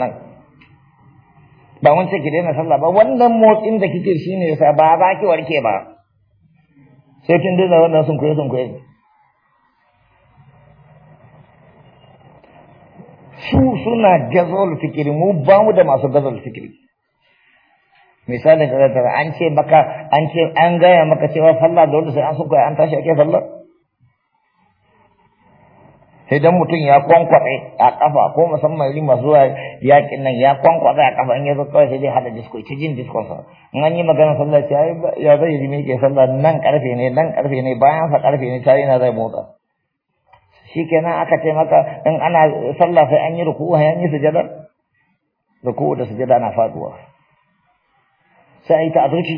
ba mun ce ki daina sallah ba wannan motsin da kike shine yasa ba za ki warke ba sai kin daina wannan sun koyi sun koyi suna jazol fikiri mu ba mu da masu gazol fikiri misalin da zai an ce maka an ce an gaya maka cewa falla da wanda sai an suka an tashi ake falla idan mutum ya kwankwaɗe a kafa ko musamman yi masu zuwa yakin nan ya kwankwaɗe a ƙafa in ya zo kawai sai dai hada disko ita jin diskon sa in an yi magana sallah sai ya zai yi me ke sallah nan ƙarfe ne nan ƙarfe ne bayan sa karfe ne tayi na zai motsa shi kenan aka ce maka in ana sallah sai an yi ruku'u an yi sujada ruku'u da sujada na faduwa sai ai ta azurci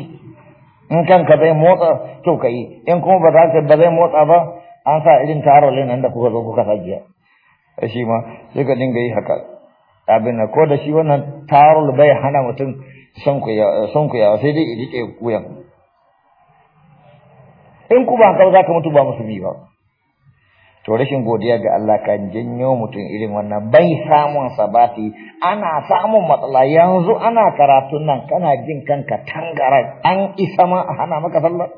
in kanka bai motsa kyau kai in kuma ba za ka ba zai motsa ba an sa irin tarolin nan da kuka zo kuka sajiya shi ma sai ka dinga yi haka abin ko da shi wannan tarol bai hana mutum son ku yawa sai dai ya rike kuyan in ku ba haka za ka mutu ba musulmi ba to rashin godiya ga Allah kan janyo mutum irin wannan bai samun sabati ana samun matsala yanzu ana karatun nan kana jin kanka tangara an isa ma a hana maka sallar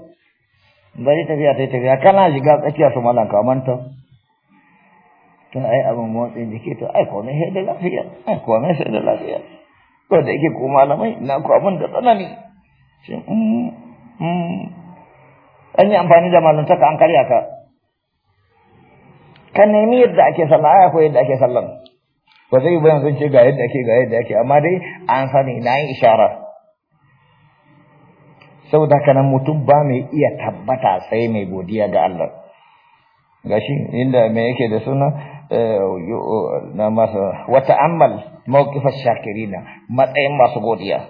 bari tafiya ta tafiya kana shiga tsakiya su malan ka manta to ai abin motsin jiki to ai komai sai da lafiya ai komai sai da lafiya Ko da yake ko malamai na ku abin da tsanani shin mm, mm. an yi amfani da malantaka an karya ka ka nemi yadda ake sallah ya akwai yadda ake sallan ba zai bayan sun ce ga yadda ake ga yadda ake amma dai an sani na yi ishara saboda haka nan mutum ba mai iya tabbata sai mai godiya ga Allah gashi inda me yake da suna eh, na masa wata ammal mawqifar shakirina matsayin masu godiya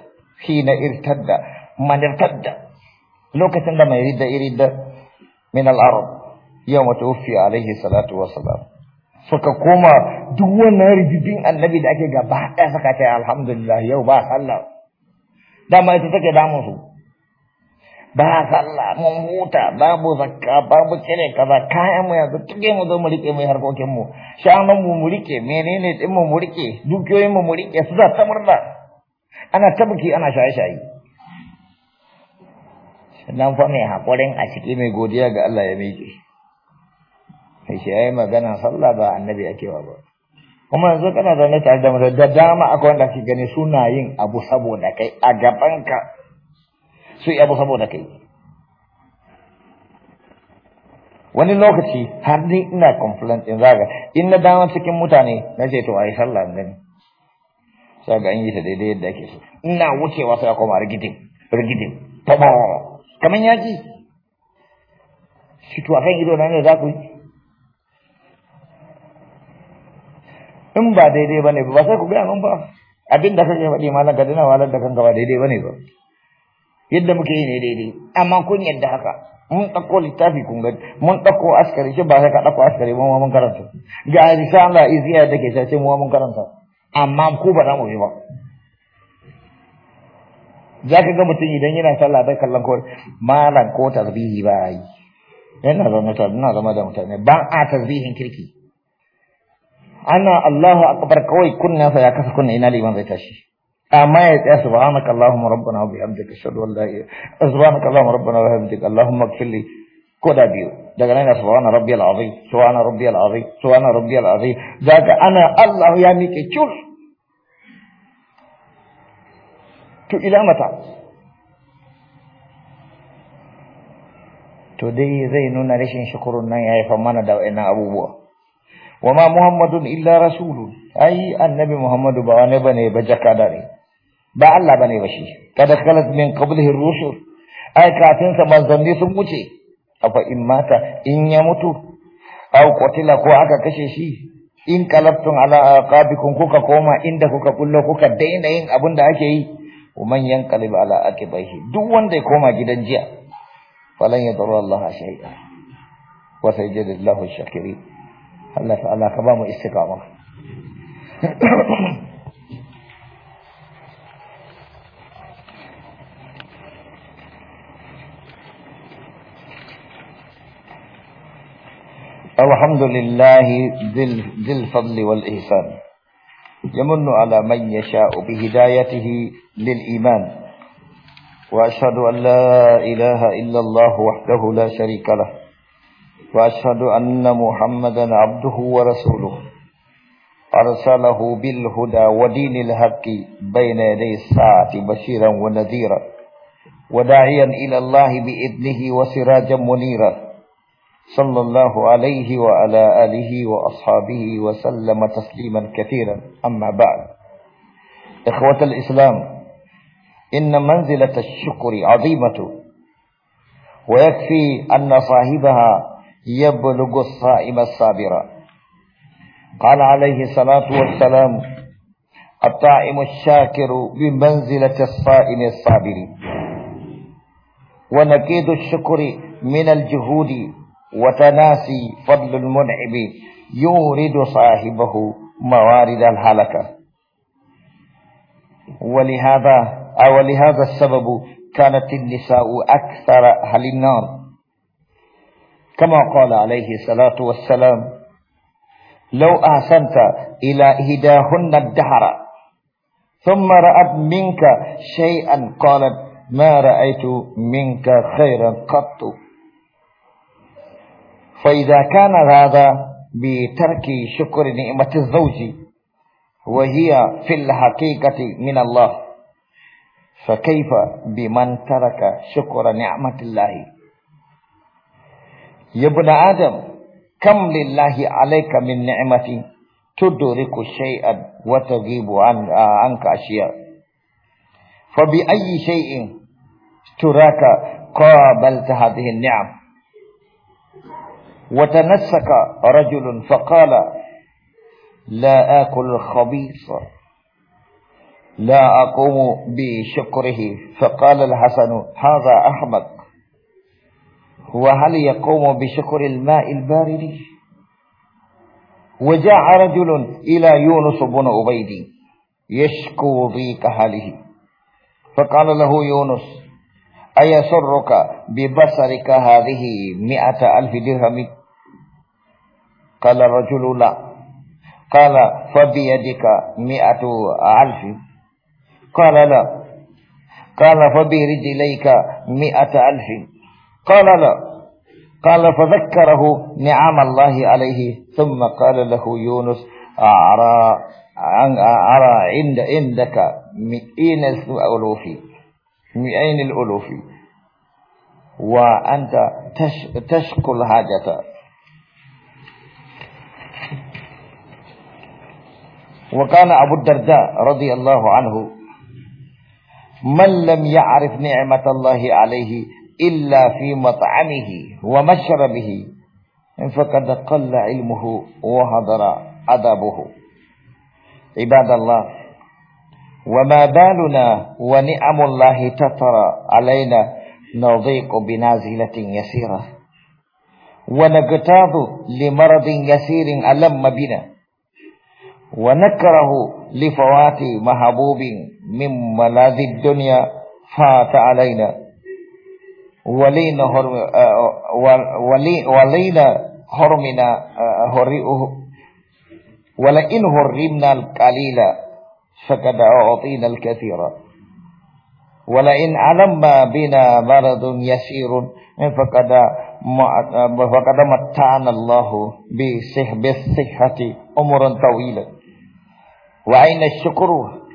hina irtadda manirtadda lokacin da mai ridda irida min al-arab yau mata ufi alaihi salatu wassalam suka koma duk wannan rigidin annabi da ake gaba ɗaya suka ce alhamdulillah yau ba sallah dama ita take damun su ba sallah mun huta babu zakka babu cire kaza kayan mu yanzu tuge mu zo mu rike mai harkokin mu shanun mu mu rike menene din mu mu rike dukiyoyin mu mu rike su za ta murna ana tabuki ana shaye shaye nan fa mai hakurin a ciki mai godiya ga Allah ya miƙe sai shi yayi magana sallah ba annabi ake wa ba kuma yanzu kana zaune tare da mu da dama akwai wanda ake gani suna yin abu saboda kai a gaban ka. su yi abu saboda kai wani lokaci har ni ina complain din zaga in na dama cikin mutane na ce to ai sallah gani sai ga an yi ta daidai yadda ake so ina wucewa sai akoma rigidin rigidin kamar yaji shi to akan ido na ne za ku yi in ba daidai bane ba sai ku gaya min ba abin da kake faɗi malam ka dina walar da kanka ba daidai bane ba yadda muke yi ne daidai amma kun yadda haka mun ɗauko littafi kun ga mun ɗauko askari shi ba sai ka ɗauko askari ba mun karanta ga risala iziya da ke sace mu mun karanta amma ku ba za mu bi ba za ka ga mutum idan yana sallah da kallon ko malam ko tasbihi ba yi yana zama da mutane ba a tarbihin kirki ana Allahu akbar kawai kunna sa ya kasa kunna ina liman zai tashi amma ya tsaya subhanaka allahumma rabbana wa bihamdika ashhadu an la ilaha subhanaka allahumma rabbana wa bihamdika allahumma kulli koda biyu daga nan subhana rabbiyal azim subhana rabbiyal azim subhana rabbiyal azim daga ana Allah ya miƙe cur to ila mata to dai zai nuna rashin shukurun nan ya haifar mana da wa'annan abubuwa وما محمد إلا رسول أي النبي محمد بأنا بني بجكا داري بألا بني بشي قد خلت من قبله الرسل أي كاتن سمزني سموتي أفا إن مات إن يموت أو قتل كوعك كشيشي إن قلبتم على أعقابكم كوكا كوما إندا كوكا كل كوكا دين إن أبن دا أكي ومن ينقلب على أكبيه دوان دي كوما جدا جيا فلن يضر الله شيئا وسيجد الله الشاكرين Allah ta'ala ka ba mu istiqama الحمد لله ذي الفضل والإحسان يمن على من يشاء بهدايته للإيمان وأشهد أن لا إله إلا الله وحده لا شريك له وأشهد أن محمدا عبده ورسوله أرسله بالهدى ودين الحق بين يدي الساعة بشيرا ونذيرا وداعيا إلى الله بإذنه وسراجا منيرا صلى الله عليه وعلى آله وأصحابه وسلم تسليما كثيرا أما بعد إخوة الإسلام إن منزلة الشكر عظيمة ويكفي أن صاحبها يبلغ الصائم الصابر قال عليه الصلاة والسلام الطائم الشاكر بمنزلة الصائم الصابر ونكيد الشكر من الجهود وتناسي فضل المنعم يورد صاحبه موارد الهلكة ولهذا أو لهذا السبب كانت النساء أكثر أهل النار كما قال عليه الصلاة والسلام لو أحسنت إلى إهداهن الدهر ثم رأت منك شيئا قالت ما رأيت منك خيرا قط فإذا كان هذا بترك شكر نعمة الزوج وهي في الحقيقة من الله فكيف بمن ترك شكر نعمة الله يا ابن آدم كم لله عليك من نعمة تدرك شيئا وتغيب عن آه، عنك أشياء فبأي شيء تراك قابلت هذه النعم وتنسك رجل فقال لا آكل الخبيث لا أقوم بشكره فقال الحسن هذا أحمد وهل يقوم بشكر الماء البارد وجاء رجل إلى يونس بن عبيد يشكو ضيق حاله فقال له يونس أيسرك ببصرك هذه مئة ألف درهم قال الرجل لا قال فبيدك مئة ألف قال لا قال فبرجليك مئة ألف قال لا قال فذكره نعم الله عليه ثم قال له يونس أعرى أرى عند عندك مئين الألوف مئين الألوف وأنت تشكو الحاجة وكان أبو الدرداء رضي الله عنه من لم يعرف نعمة الله عليه إلا في مطعمه ومشربه فقد قل علمه وهدر أدبه عباد الله وما بالنا ونعم الله تترى علينا نضيق بنازلة يسيرة ونقتاض لمرض يسير ألم بنا ونكره لفوات محبوب من ملاذ الدنيا فات علينا ولينا هرم آه، هرمنا آه، هريه ولئن هرمنا القليل فقد أعطينا الكثير ولئن علم بنا مرض يسير فقد فقد متعنا الله بالصحة أمرا طويلا وأين الشكر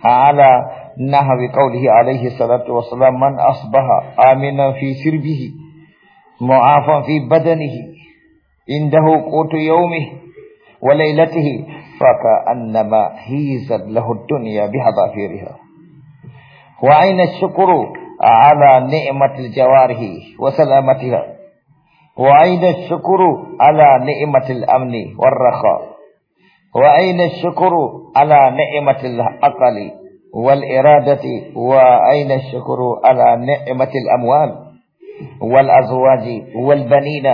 على نهى بقوله عليه الصلاة والسلام من أصبح آمنا في سربه معافا في بدنه عنده قوت يومه وليلته فكأنما هيزت له الدنيا بحضافيرها وأين الشكر على نعمة الجوارح وسلامتها وأين الشكر على نعمة الأمن والرخاء وأين الشكر على نعمة الأقل والإرادة وأين الشكر على نعمة الأموال والأزواج والبنين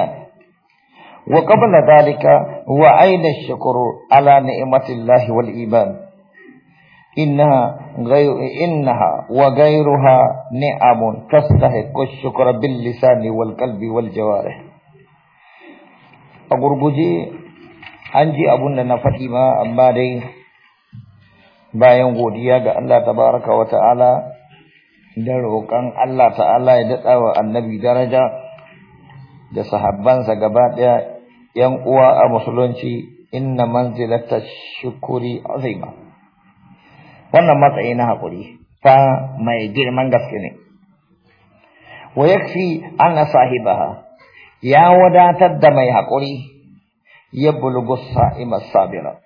وقبل ذلك وأين الشكر على نعمة الله والإيمان إنها, غير إنها وغيرها نعم تستحق الشكر باللسان والقلب والجوارح أقربجي أنجي أبونا نفتي ما أما bayan godiya ga Allah tabaraka wa ta'ala da roƙon Allah ta'ala ya daɗa wa annabi daraja da sahabbansa gaba ɗaya ‘yan uwa a musulunci inna manzilata shukuri azima wannan matsayi na haƙuri fa mai girman gaske ne wa na sahi sahibaha ya wadatar da mai haƙuri ya bulgu sa'imar sabira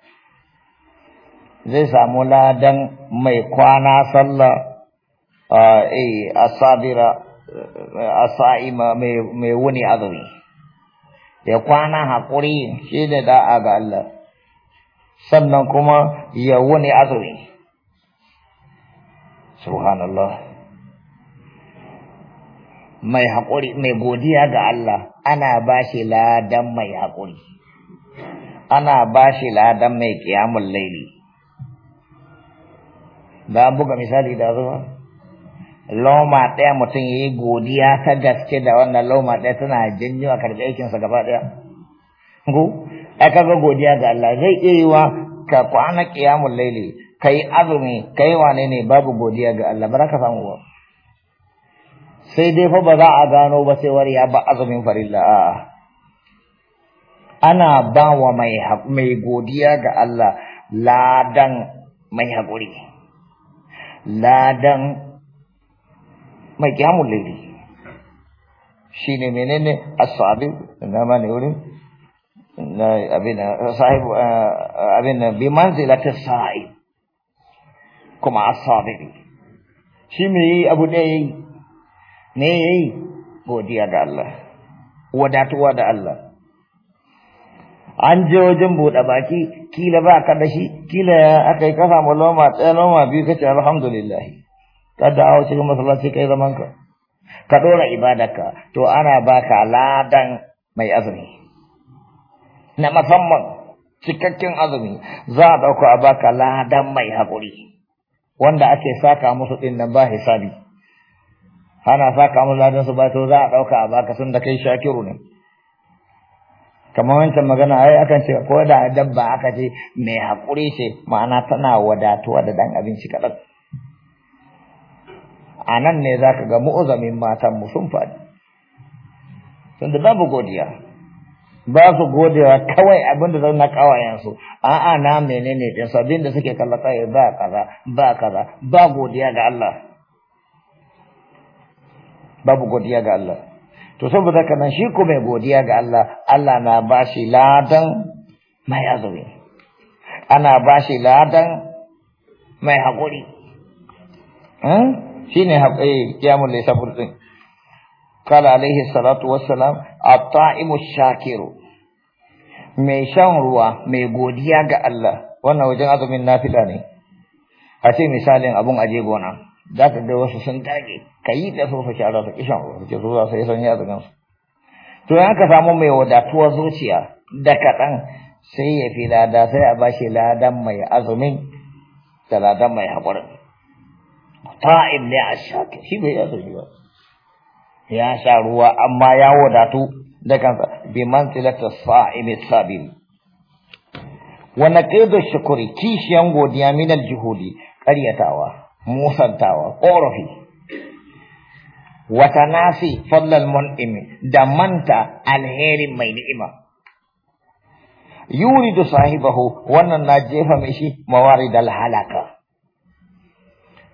zai samu ladan mai kwana sallah a eh, sabira a sa'ima mai wuni azumi ya kwana haƙuri shi da da'a ga Allah sannan kuma ya wuni azumi subhanallah mai haƙuri mai godiya ga Allah ana ba shi ladan mai haƙuri ana ba shi ladan mai ƙiyamun laili ba buga misali da zuwa loma ɗaya mutum ya yi godiya ta gaske da wannan loma ɗaya tana janyo a karɓi aikinsa gaba ɗaya ku ai kaga godiya ga Allah zai iya yi wa ka kwana qiyamul laili kai azumi kai wane ne babu godiya ga Allah baraka samu ba sai dai fa ba za a gano ba sai ya ba azumin farilla a ana ba wa mai godiya ga Allah ladan mai haƙuri ladan mai kyamun lili shi ne menene asabi na mani wuri na abin sahibu abin bi manzilati sai. kuma asabi shi me yi abu da yi? ne yi? godiya ga Allah wadatuwa da Allah an je wajen buɗe baki kila ba ka da shi kila aka yi kafa ma loma ɗaya loma biyu ce alhamdulillah ka dawo cikin masallaci kai zaman ka ka ɗora ibadarka to ana baka ladan mai azumi na musamman cikakken azumi za a ɗauko a baka ladan mai haƙuri wanda ake saka musu ɗin nan ba hisabi ana saka musu ladan su ba to za a ɗauka a baka sun da kai shakiru ne kamar wancan magana ai akan ce ko da dabba aka ce mai haƙuri ce ma'ana tana wadatuwa da dan abinci kaɗan a nan ne za ka ga mu'uzamin matan mu sun faɗi tunda babu godiya ba su godewa kawai abin da na kawayensu a'a na menene ɗin abin da suke kalla kawai ba kaza ba kaza ba godiya ga Allah babu godiya ga Allah to saboda haka nan shi ko mai godiya ga Allah Allah na bashi ladan mai azumi ana bashi ladan mai haƙuri hmm? shi ne haƙuri kiyamun eh, laisa burtsin kala alaihi salatu wassalam a ta'imu shakiru mai shan ruwa mai godiya ga Allah wannan wajen azumin nafila ne a ce misalin abun aje gona za ka ga wasu sun dage ka yi da sofa shara ta kishan ruwa ke za su yi sanya da su to yan ka samu mai wadatuwar zuciya da kaɗan sai ya fi lada sai a bashi ladan mai azumin da ladan mai haƙurin ta'im ne a shaƙi shi bai ya zuci ba ya sha ruwa amma ya wadatu da kansa bi man manzilata sa'imi sabili wa naqidu shukuri kishiyan godiya min al-juhudi qaryatawa musantawa ƙorafi wata nasi fadlal imi da manta alheri mai ni'ima Yuri da sahibahu wannan na jefa mai shi mawaridal halaka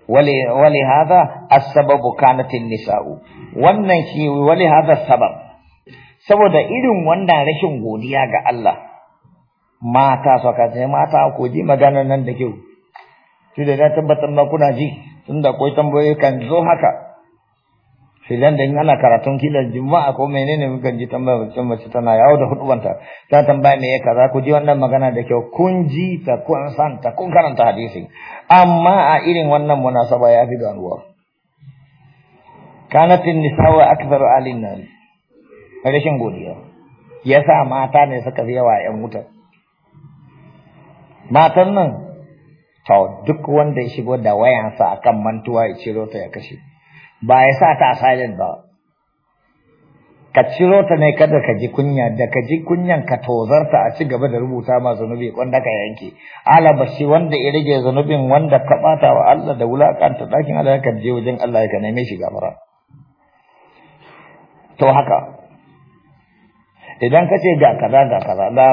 wali hada as-sababu nisau wannan shi wali hada sabab saboda irin wannan rashin godiya ga Allah mata suka ce mata ko ji maganar nan da kyau shi da na tabbatar ma kuna ji tunda akwai tambayoyi kan zo haka dan da in ana karatun kilan juma'a ko menene mukan ji tambaya mace tana yawo da hudubanta ta tambaya me ya kaza ku ji wannan magana da kyau kun ji ta kun san ta kun karanta hadisi amma a irin wannan munasaba ya fi ganuwa kanatin nisawa akthar alinna rashin godiya yasa mata ne suka fi yawa yan wutar matan nan to duk wanda ya shigo da wayansa akan mantuwa ya ciro ta ya kashe ba ya sa ta silent ba ka ciro ta ne kada ka ji kunya da ka ji kunyan ka tozarta a ci gaba da rubuta ma zunubi wanda ka yanke alaba shi wanda ya rage zunubin wanda ka bata wa Allah da wulakanta dakin Allah ka je wajen Allah ka neme shi gafara to haka idan ka ce ga kaza ga kaza ga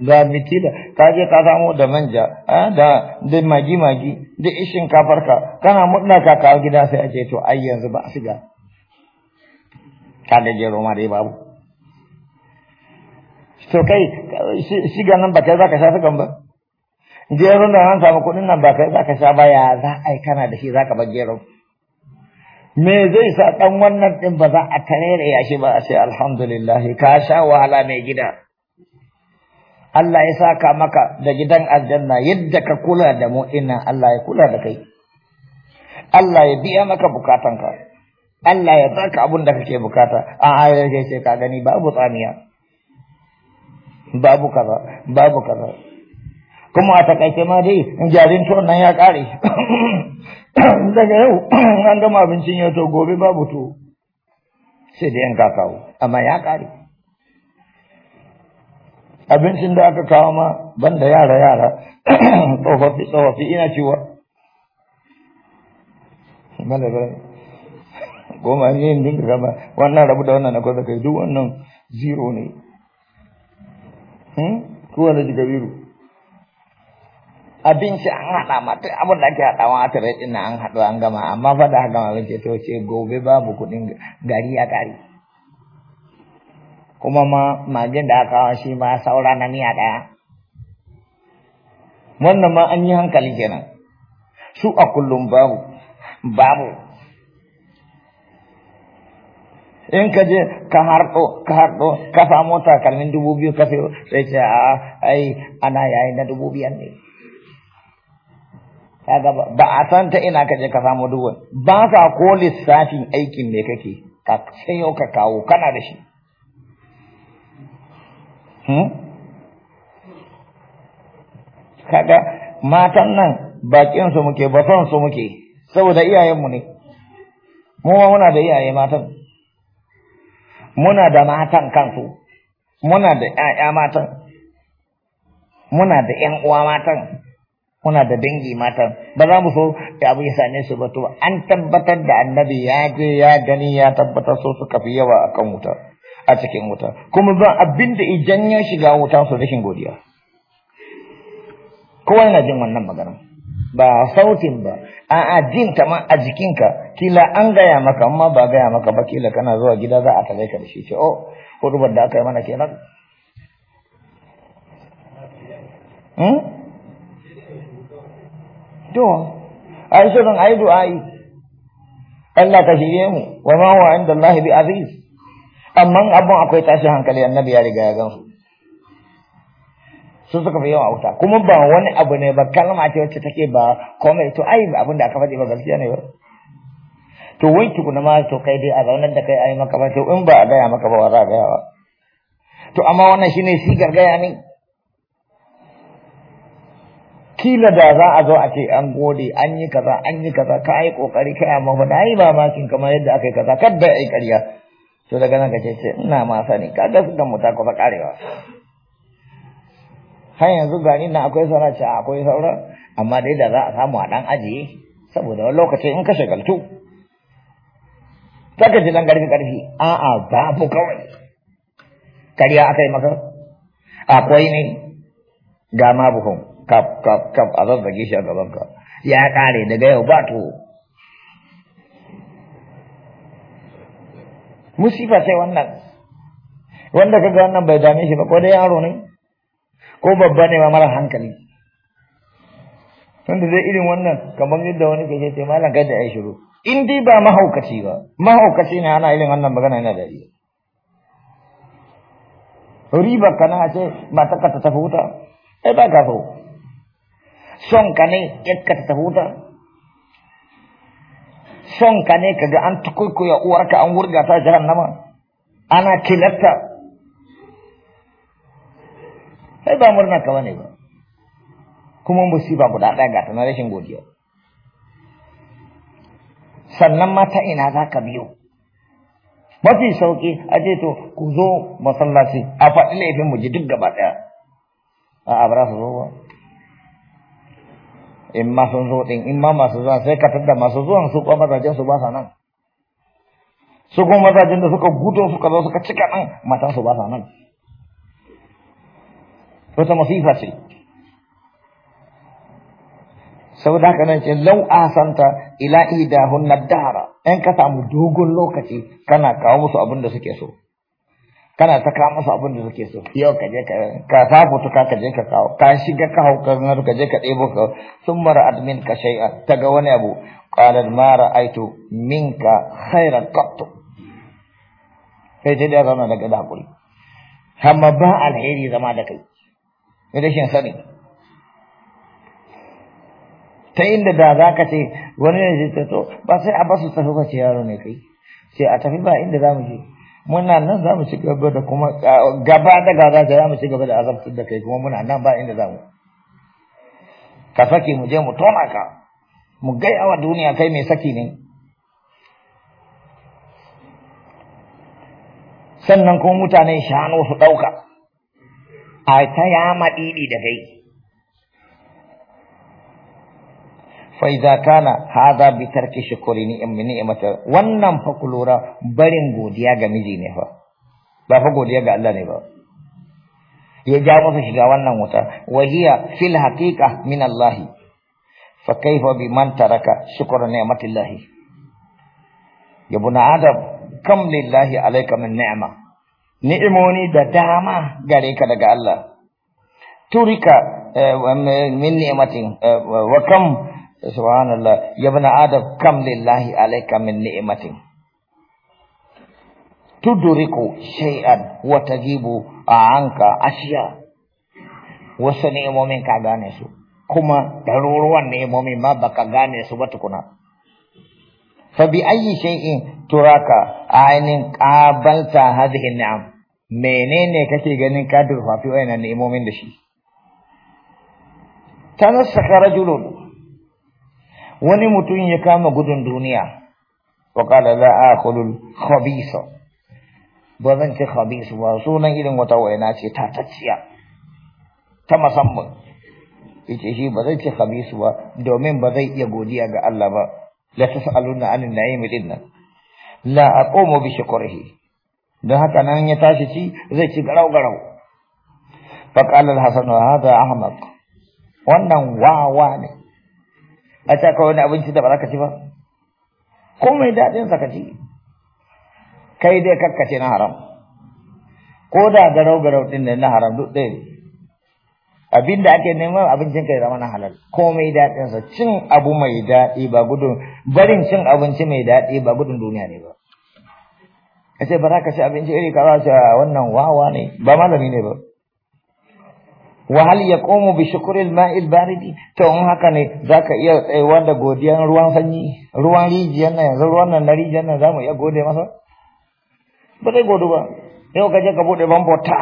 ga mitila ka je ka samu da manja eh, da da magi magi da ishin kafarka kana mutna ka kawo gida sai a ce to ai yanzu ba a shiga ka da jero dai babu to kai shiga nan ba kai za ka sha sukan ba jeron da an samu kuɗin nan ba kai za ka sha ba ya za a yi kana da shi za ka bar gero. me zai sa ɗan wannan ɗin ba za a tarere ya shi ba a sai alhamdulillah ka sha wahala mai gida Allah ya saka maka da gidan aljanna yadda ka kula da mu ina Allah ya kula da kai Allah ya biya maka bukatanka Allah ya saka abun da kake bukata a ayar ce ka gani babu tsamiya babu kaza babu kaza kuma a takaice ma dai jarin tuwon nan ya kare daga yau an gama abincin yau to gobe babu to sai da yanka kawo amma ya kare abincin da aka kawo ma banda yara yara tsofaffi tsofaffi ina cewa goma ne yin dinka gaba wannan rabu da wannan na kwaza kai duk wannan zero ne kuwa hmm? da ji abinci an haɗa ma duk abin da ake haɗawa a tare ɗin an haɗu an gama amma fa da haka ce to ce gobe babu kuɗin gari a ƙari kuma ma magin da aka hawa shi ma saura na miya ɗaya wannan ma an yi hankali kenan su a kullum babu babu in ka je ka harɗo ka harɗo ka samu takalmin dubu biyu ka sayo sai ce a ai ana yayi na dubu biyan ne kaga ba a san ta ina kaje ka samu duwan ba sa ko lissafin aikin ne kake ka sanyo ka kawo kana da shi hmm? kaga matan nan bakin su muke ba son su muke saboda iyayenmu ne mu ma muna da iyaye matan muna da matan kansu muna da ƴaƴa matan muna da ƴan uwa matan muna da dangi mata ba za mu so da abu ya same su ba to an tabbatar da annabi ya je ya gani ya tabbatar so suka fi yawa a kan wuta a cikin wuta kuma ba abin da idan ya shiga wuta su rashin godiya kowa yana jin wannan magana ba sautin ba a'a ajin ta ma a jikinka kila an gaya maka amma ba gaya maka ba kila kana zuwa gida za a tare ka da shi ce oh hudubar da aka yi mana kenan hmm? to ai shirin ai du'ai Allah ka shirye mu wa ma huwa inda Allah bi aziz amma abun akwai tashi hankali annabi ya riga ya ga su suka fi yawa wuta kuma ba wani abu ne ba kalma ce wacce take ba komai to ai abin da aka faɗi ba gaskiya ne ba to wai tukuna ma to kai dai a zaunar da kai ai maka ba to in ba a gaya maka ba wa za a gaya ba to amma wannan shine shi gargaya ne kila da za a zo a ce an gode an yi kaza an yi kaza ka yi kokari ka yi mafi na yi mamakin kamar yadda aka yi kaza kada yi karya. to daga nan kace ce ina ma sani ga su dan muta kusa karewa har yanzu gani na akwai saura ce akwai saura amma dai da za a samu a dan aji saboda wani lokaci in ka shagaltu saka ji dan karfi karfi a'a babu kawai karya aka yi maka akwai ne ga ma buhun kaf kaf kaf a zazzage shi a gabanka ya kare daga yau ba to musifa sai wannan wanda kaga wannan bai dame shi ba ko dai yaro ne ko babba ne ma mara hankali tunda zai irin wannan kamar yadda wani ke ce malam kai da ya shiru in dai ba mahaukaci ba mahaukaci ne ana irin wannan magana yana da iya riba kana ce mata ka ta tafi wuta ai ba ka so son ka ne yakkata ta son ka ne kaga an tukuikuya uwarka an wurga ta jahannama ana tilarta sai ba murna ka bane ba kuma musiba guda ɗaya ga ta na rashin godiya sannan mata ina za ka biyo mafi sauki a ce to ku zo masallaci a faɗi laifin mu ji duk gaba ɗaya a ah, abu su zo ba in ma sun zo din in ma masu zuwa sai ka tadda masu zuwan su kuma mazajen su ba sa nan su kuma mazajen da suka gudo suka zo suka cika nan matan su ba sa nan wata masifa ce sau da kanan ce lau asanta ila idahun nadara in ka samu dogon lokaci kana kawo musu abin da suke so kana ta kawo masa abin da suke so yau ka je ka sa fotuka ka je ka kawo ka shiga ka hau ka zanar ka je ka ɗebo ka sun mara admin ka shai'a ta ga wani abu qalat ma ra'aitu minka haira qattu sai ta da zama daga da hakuri amma ba alheri zama da kai shin sani ta inda da za ka ce wani ne zai to ba sai a basu tafi ba ce yaro ne kai sai a tafi ba inda za mu je muna nan za mu ci gaba da kuma gaba da gaba za mu ci gaba da azabtar da kai kuma muna nan ba inda za mu ka saki mu je mu tona ka mu gai awa duniya kai mai saki ne sannan kuma mutane shanu su ɗauka a ta yama ɗiɗi da kai فإذا shukuri, na, بترك شكر mata, wannan fa kulura barin godiya ga miji ne fa ba fa godiya ga Allah ne ba ya ja masa shiga wannan wuta wahiya fil haqiqa min Allah fa kaifa man taraka shukra ni'matillah ya buna adam kam lillahi alayka min ni'ma ni'imoni da dama gare ka daga Allah turika min ni'matin wa kam subhanallah ya bani adam kam lillahi alayka min ni'matin tudriku shay'an wa tajibu anka ashiya wasu ni'imomin ka gane su kuma ɗaruruwan ni'imomin ma baka gane su ba tukuna fa bi ayyi shay'in turaka ainin qabalta hadhihi ni'am menene kake ganin ka durfafi wayannan ni'imomin da shi tanassaka rajulun wani mutum ya kama gudun duniya wa qala la akhulul khabisa ba zan ci khabisu ba sunan irin wata waina ce ta tacciya ta musamman yace shi ba zai ci khabisu ba domin ba zai iya godiya ga Allah ba la tasaluna anin na'im dinnan la aqumu bi shukrihi don haka nan ya tashi ci zai ci garau garau fa qala al-hasan hada ahmad wannan wawa ne a ce wani abinci da ba za ka ci ba ko mai daɗin sa ka ci kai dai karkace na haram ko da garau garau din ne na haram duk ɗaya abin da ake neman abincin kai zama na halal ko mai daɗin sa cin abu mai daɗi ba gudun barin cin abinci mai daɗi ba gudun duniya ne ba ce ba za ka ci abinci iri kaza wannan wawa ne ba malami ne ba wa hal komo bi shukril ma'il baridi to in haka ne zaka iya tsayuwa da godiyan ruwan sanyi ruwan rijiyar nan yanzu ruwan nan na rijiyar nan mu iya gode masa ba zai godu ba yau ka je ka bude bambo ta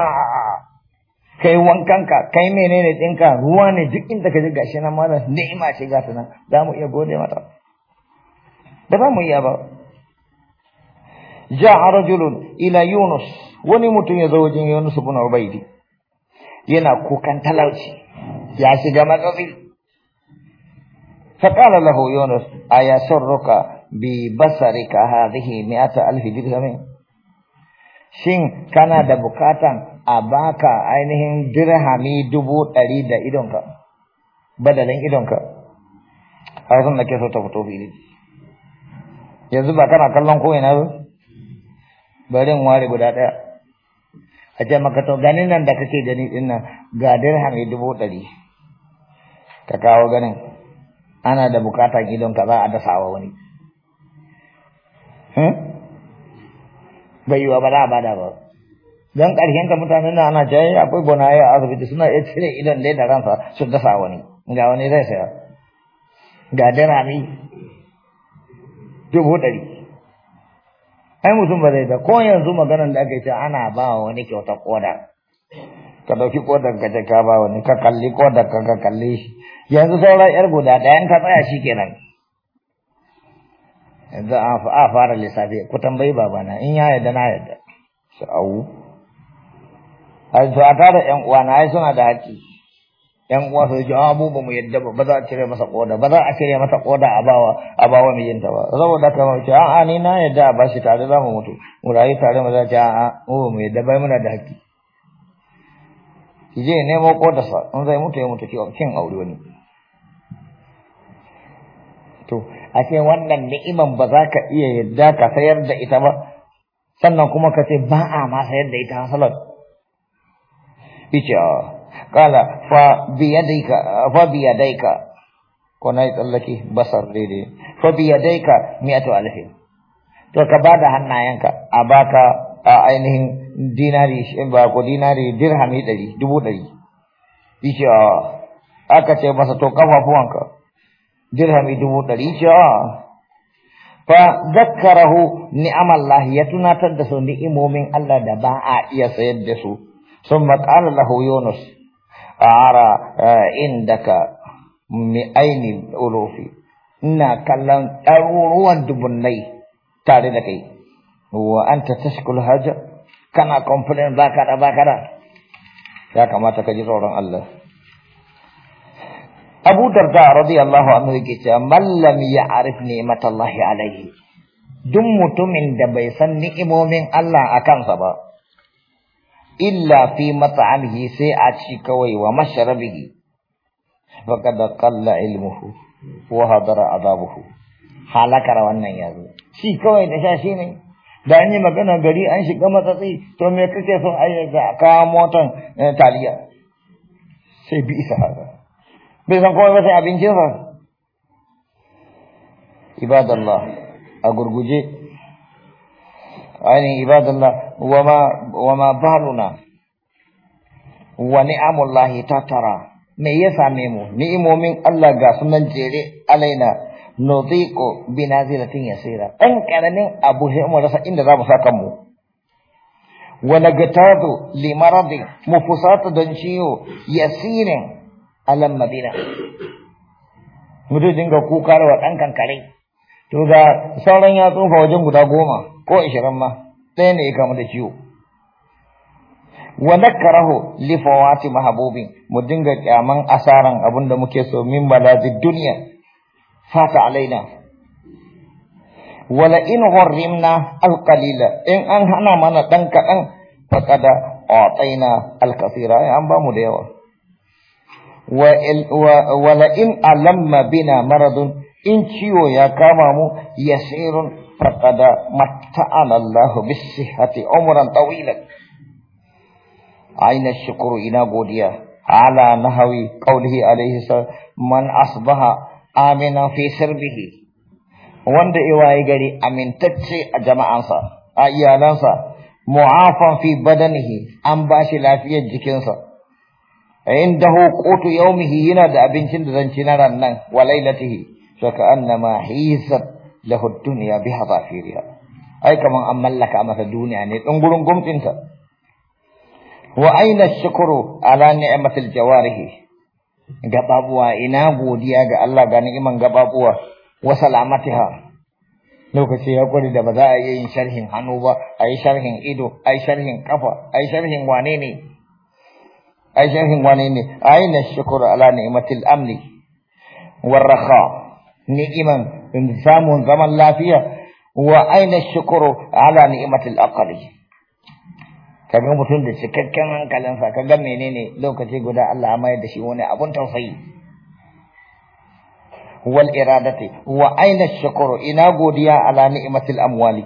kai wankanka kai menene dinka ruwa ne duk inda ka je gashi nan malam ni'ima ce ga nan mu iya gode mata da ba mu iya ba ja'a rajulun ila yunus wani mutum ya zo wajen yunus ibn ubaidi yana kukan talauci ya shiga matsatsi فقال له يونس أيسرك basarika هذه مئة ألف درهم shin kana da bukatan a baka ainihin dirhami dubu dari da idonka badalin idonka a yasan da so ta fito fili yanzu ba kana kallon ko ina ba bari in ware guda ɗaya a ce maka to ganin nan da kake gani din nan ga dirham dubu ɗari ka kawo ganin ana da bukata gidanka za a dasa wa wani hmm? bai yiwa ba za a bada ba don ƙarshen ka mutanen nan ana jaye akwai bonaye a asibiti suna iya cire idan dai da ransa su dasa wani ga wani zai saya ga dirhami dubu ɗari ai mutum ba zai ko yanzu maganar da aka ce ana ba wa wani kyautar koda ka dauki kodar ka ka ba wani ka kalli kodar ka ka kalli shi yanzu sauran yar guda daya ka tsaya shi kenan yanzu a fara lissafi ku tambayi babana in ya yarda na yarda sha'awu a yanzu a tara yan uwa na ai suna da haƙƙi yan uwa su ji abu ah, ba mu yadda ba ba za a cire masa koda ba za a cire masa koda a bawa a bawa yinta ba saboda ka mace ce a'a ni na yadda a bashi tare za mu mutu mu rayu tare mu za ce a mu ba mu yadda bai muna da haƙƙi ki je nemo sa in zai mutu ya mutu kin aure wani to a ce wannan ni'iman ba za ka iya yadda ka sayar da ita ba sannan kuma ka ce ba a ma sayar da ita hasalar ita fa fa قال فبيديك فبيديك كنا basar بصر Fa فبيديك mi'atu alif to ka ba da hannayenka a baka a ainihin dinari ba ko dinari dirhami ɗari dubu ɗari yace a aka ce masa to kafafuwanka dirhami dubu ɗari yace a fa zakkarahu ni'amallahi ya tunatar da su ni'imomin Allah da ba a iya sayar da su sun qala lahu yunus ara eh, indaka mi aini ulufi ina kallon ɗaruruwan dubunnai tare da kai wa anta tashkul haja kana complain ba kada ba kada ya kamata ka ji tsoron Allah Abu Darda radiyallahu anhu yake cewa man lam ya'rif ni'matallahi alayhi duk mutumin da bai san ni'imomin Allah a kansa ba illa fi mat'amihi sai a ci kawai wa mashrabihi faqad qalla ilmuhu wa hadara adabuhu halakar wannan yazo shi kawai da sha shi ne da an yi magana gari an shiga matsatsi to me kake son a ga ka motan eh, taliya sai bi isa haka bai san kawai ba sai abincin sa ibadallah a gurguje يعني عباد الله wama وما wa ونعم الله tatara me ya same mu ni'imomin Allah ga sunan jere alaina nuziqu binazilatin yasira an karamin abu sai mu rasa inda zamu saka mu wa nagatadu mu mufusata don ciwo yasirin alam madina mutu dinga kuka rawa wa dan kankare to ga sauran ya tsufa wajen guda goma ko ishirin ma ɗaya ne ya kama da ciwo wa nakarahu li mu dinga ƙyaman asaran da muke so min baladi duniya fata alaina wala in hurrimna alqalila in an hana mana ɗan dan kadan faqada ataina alkasira an ba mu da yawa wala in alamma bina maradun in ciwo ya kama mu yasirun faqada matta'ana Allahu bisihhati umran tawilan aina shukru ina godiya ala nahawi qawlihi alaihi salam man asbaha amina fi sirbihi wanda iwaye gari amintacce a jama'ansa a iyalansa mu'afan fi badanihi an bashi lafiyar jikinsa indahu qutu yawmihi yana da abincin da zan ci na ran nan wa فكأنما حيثت له الدنيا بها ظافيرها أي كما أملك أما في الدنيا يعني انقلوا انقوم تنسى وأين الشكر على نعمة الجواره قبابوا إنا بوديا الله قال نعمة قبابوا وسلامتها لو كسي يقول إذا بدأ أي شرح حنوبة أي شرح إيدو أي شرح كفا أي شرح وانيني أي شرح وانيني أين الشكر على نعمة الأمن والرخاء نعما انتظام وانتظام الله فيها وأين الشكر على نعمة الأقلية كم يوم تند سكت كم كلام فك جم ينيني لو كتير قدر الله ما يدشيون أبون توصي هو الإرادة وأين الشكر إن أقوديا على نعمة الأموال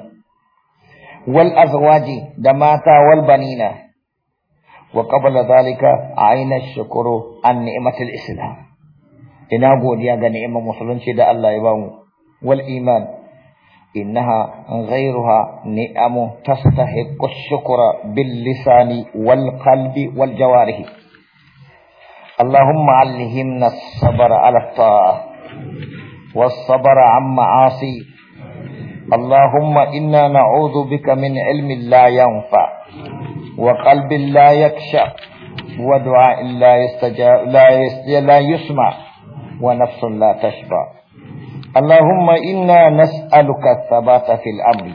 والأزواج دماتا والبنين وقبل ذلك أين الشكر عن نعمة الإسلام ina godiya ga ni'imar musulunci da Allah ya bamu wal iman innaha ghayruha ni'amu tastahiqu shukra bil lisani wal qalbi wal jawarihi allahumma allihimna as-sabr ala ta'a was sabr an ma'asi allahumma inna na'udhu bika min ilmin la yanfa wa kalbi la yakshaf wa du'a ونفس لا تشبع اللهم إنا نسألك الثبات في الأمر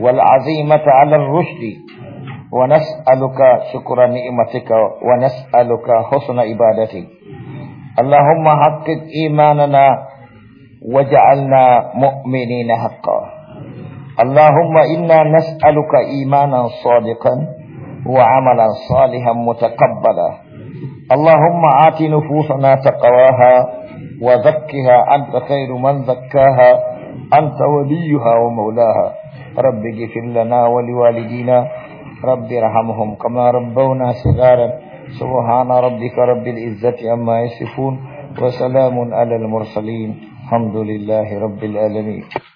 والعزيمة على الرشد ونسألك شكر نعمتك ونسألك حسن عبادتك اللهم حقق إيماننا وجعلنا مؤمنين حقا اللهم إنا نسألك إيمانا صادقا وعملا صالحا متقبلا اللهم آت نفوسنا تقواها وزكها أنت خير من زكاها أنت وليها ومولاها رب اغفر لنا ولوالدينا رب ارحمهم كما ربونا صغارا سبحان ربك رب العزة عما يصفون وسلام على المرسلين الحمد لله رب العالمين